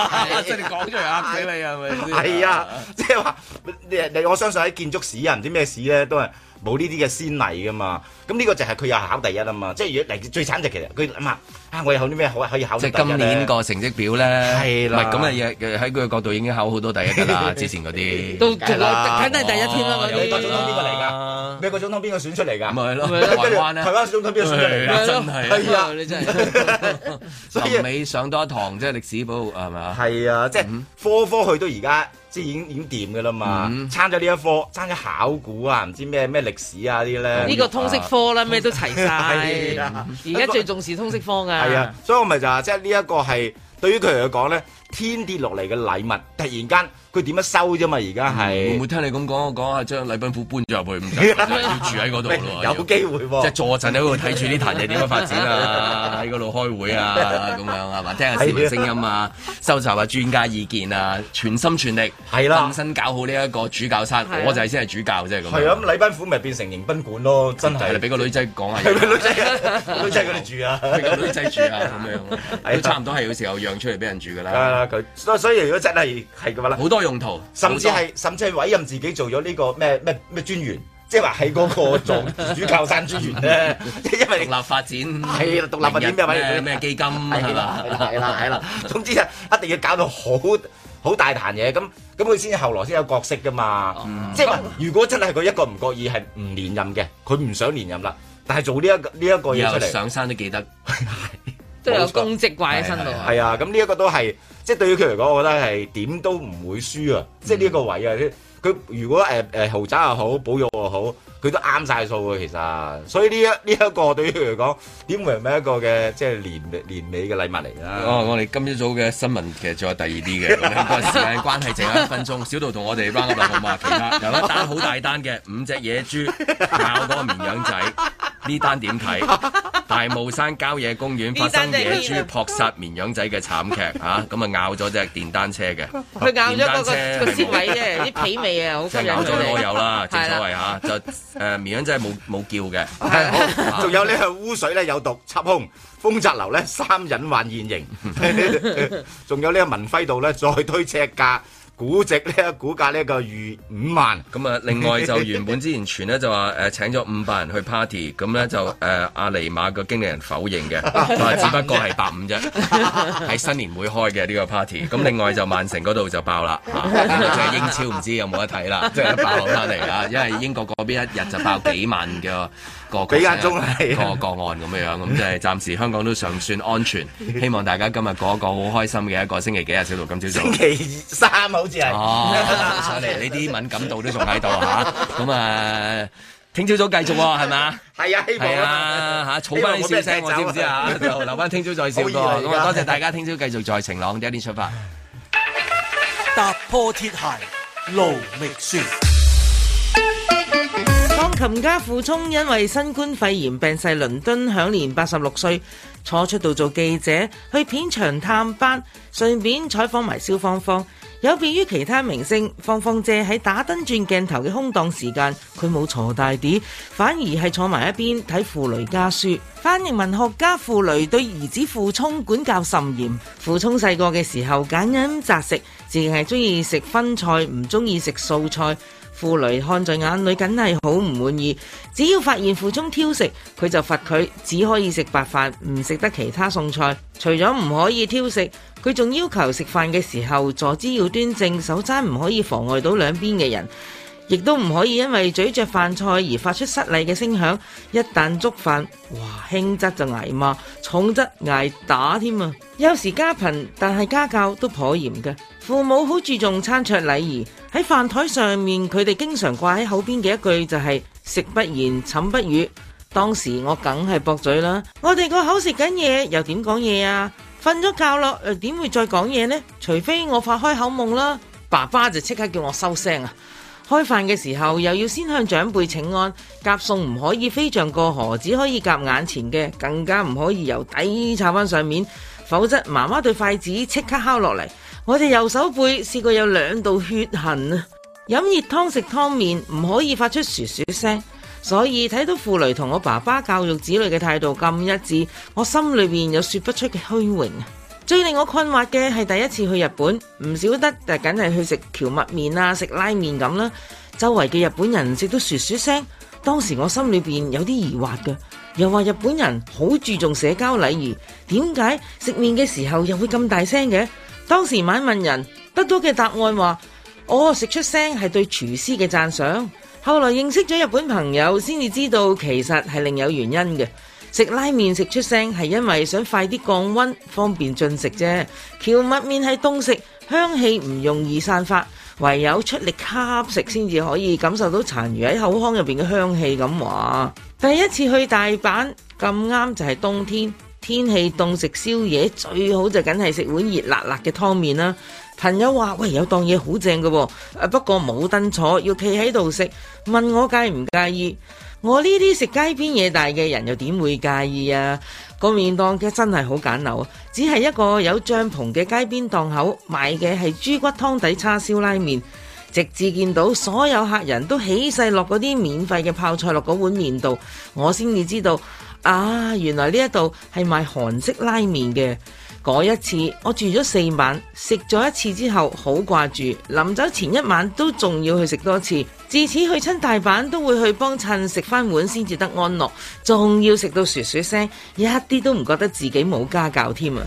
即係你講出嚟嚇死你係咪先？係 啊，啊即係話，你你我相信喺建築史啊，唔知咩史咧，都係。冇呢啲嘅先例噶嘛，咁呢個就係佢又考第一啊嘛，即係如果嚟最慘就其實佢諗下，啊我有考啲咩可可以考即係今年個成績表咧，係啦，咁啊喺佢嘅角度已經考好多第一噶啦，之前嗰啲都梗係第一添啦，美國總統邊個嚟㗎？美國總統邊個選出嚟㗎？咪係咯，台灣咧，台灣總統邊個選出嚟？真係啊！你真係，臨尾上多一堂即係歷史補係咪啊？係啊，即係科科去到而家。即係已經已經掂㗎啦嘛，參咗呢一科，參咗考古啊，唔知咩咩歷史啊啲咧，呢、嗯這個通識科啦，咩、啊、都齊晒。而家、 啊、最重視通識科㗎。係 啊，所以我咪就話即係呢一個係對於佢嚟講咧。天跌落嚟嘅禮物，突然間佢點樣收啫嘛？而家係會唔會聽你咁講？我講下將禮賓府搬咗入去，唔使住喺嗰度啦。有機會即係坐陣喺嗰度睇住呢壇嘢點樣發展啊！喺嗰度開會啊，咁樣係嘛？聽下市民聲音啊，收集下專家意見啊，全心全力係啦，盡心搞好呢一個主教室。我就係先係主教啫咁。係咁禮賓府咪變成迎賓館咯，真係俾個女仔講下，係咪女仔啊？女仔嗰度住啊，俾個女仔住啊，咁樣都差唔多係有時候讓出嚟俾人住噶啦。所以如果真係係咁啦，好多用途，甚至係甚至委任自己做咗呢個咩咩咩專員，即係話喺嗰個做主教山專員咧，即係因為獨立發展係啊，獨立發展咩咩基金係嘛，係啦係啦，總之啊，一定要搞到好好大壇嘢，咁咁佢先後來先有角色噶嘛，即係話如果真係佢一個唔覺意係唔連任嘅，佢唔想連任啦，但係做呢一個呢一個嘢出嚟上山都記得，都有公職掛喺身度，係啊，咁呢一個都係。即係對於佢嚟講，我覺得係點都唔會輸啊！即係呢一個位啊，佢如果誒誒、呃、豪宅又好，保育又好，佢都啱晒數啊！其實，所以呢一呢一個對於佢嚟講，點會唔係一個嘅即係年年尾嘅禮物嚟啊？哦，我哋今朝早嘅新聞其實仲有第二啲嘅，因為時間關係淨係一分鐘，小道同我哋班去錄號碼，其他有一單好大單嘅五隻野豬咬嗰個綿羊仔。呢單點睇？大霧山郊野公園發生野豬撲，撲殺綿羊仔嘅慘劇，嚇咁啊咬咗隻電單車嘅。佢咬咗嗰、那個屍位啫，啲 皮味啊好吸引。即係咬咗我有啦， 正所謂嚇 就誒、呃、綿羊仔冇冇叫嘅。仲有呢個污水咧有毒，緝凶，風澤樓咧三隱患現形，仲 有呢個文輝道咧再推車價。估值呢股價咧就逾五萬。咁啊，另外就原本之前傳咧就話，誒、呃，請咗五百人去 party，咁咧就誒、呃，阿尼馬個經理人否認嘅，就話只不過係八五啫，喺 新年會開嘅呢、這個 party。咁另外就曼城嗰度就爆啦、啊，就係、是、英超唔知有冇得睇啦，即、就、係、是、爆返嚟啊！ 因為英國嗰邊一日就爆幾萬嘅。個個案咁樣樣，咁即係暫時香港都尚算安全，希望大家今日過一個好開心嘅一個星期幾日小到今朝早。星期三好似係。哦，犀利，呢啲敏感度都仲喺度嚇。咁啊，聽朝早繼續喎，係咪？係啊，係啊，嚇，儲翻啲笑聲，我知唔知啊？留翻聽朝再笑多，多謝大家，聽朝繼續再晴朗的一天出發，踏破鐵鞋路未絕琴家傅聰因為新冠肺炎病逝倫敦，享年八十六歲。初出道做記者去片場探班，順便採訪埋蕭芳芳。有別於其他明星，芳芳姐喺打燈轉鏡頭嘅空檔時間，佢冇鋤大 D，反而係坐埋一邊睇傅雷家書。翻譯文學家傅雷對兒子傅聰管教甚嚴。傅聰細個嘅時候揀飲擇食，淨係中意食葷菜，唔中意食素菜。傅雷看在眼裏，梗係好唔滿意。只要發現附中挑食，佢就罰佢只可以食白飯，唔食得其他送菜。除咗唔可以挑食，佢仲要求食飯嘅時候坐姿要端正，手踭唔可以妨礙到兩邊嘅人。亦都唔可以因為咀嚼飯菜而發出失禮嘅聲響。一旦觸犯，哇，輕則就捱罵，重則捱打添啊！有時家貧，但係家教都頗嚴嘅。父母好注重餐桌禮儀。喺飯台上面，佢哋經常掛喺口邊嘅一句就係食不言，寢不語。當時我梗係駁嘴啦。我哋個口食緊嘢，又點講嘢啊？瞓咗覺咯，又點會再講嘢呢？除非我發開口夢啦。爸爸就即刻叫我收聲啊！開飯嘅時候又要先向長輩請安，夾餸唔可以飛象過河，只可以夾眼前嘅，更加唔可以由底插翻上面，否則媽媽對筷子即刻敲落嚟。我哋右手背試過有兩道血痕啊！飲熱湯食湯麵唔可以發出噓噓聲，所以睇到傅雷同我爸爸教育子女嘅態度咁一致，我心裏面有說不出嘅虛榮。最令我困惑嘅係第一次去日本，唔少得就梗係去食蕎麥麵啊，食拉麵咁啦。周圍嘅日本人食到噓噓聲，當時我心裏邊有啲疑惑嘅，又話日本人好注重社交禮儀，點解食麵嘅時候又會咁大聲嘅？當時問問人，得到嘅答案話：哦，食出聲係對廚師嘅讚賞。後來認識咗日本朋友，先至知道其實係另有原因嘅。食拉麵食出聲係因為想快啲降溫，方便進食啫。蕎麥麵係凍食，香氣唔容易散發，唯有出力吸食先至可以感受到殘餘喺口腔入邊嘅香氣咁話。第一次去大阪咁啱就係冬天，天氣凍，食宵夜最好就梗係食碗熱辣辣嘅湯麵啦。朋友話：喂，有檔嘢好正嘅喎，不過冇凳坐，要企喺度食，問我介唔介意。我呢啲食街邊嘢大嘅人又點會介意啊？個麵檔嘅真係好簡陋，只係一個有帳篷嘅街邊檔口，賣嘅係豬骨湯底叉燒拉麵。直至見到所有客人都起勢落嗰啲免費嘅泡菜落嗰碗麵度，我先至知道啊，原來呢一度係賣韓式拉麵嘅。嗰一次我住咗四晚，食咗一次之後好掛住，臨走前一晚都仲要去食多次。自此去親大阪都會去幫襯食返碗先至得安樂，仲要食到噓噓聲，一啲都唔覺得自己冇家教添啊！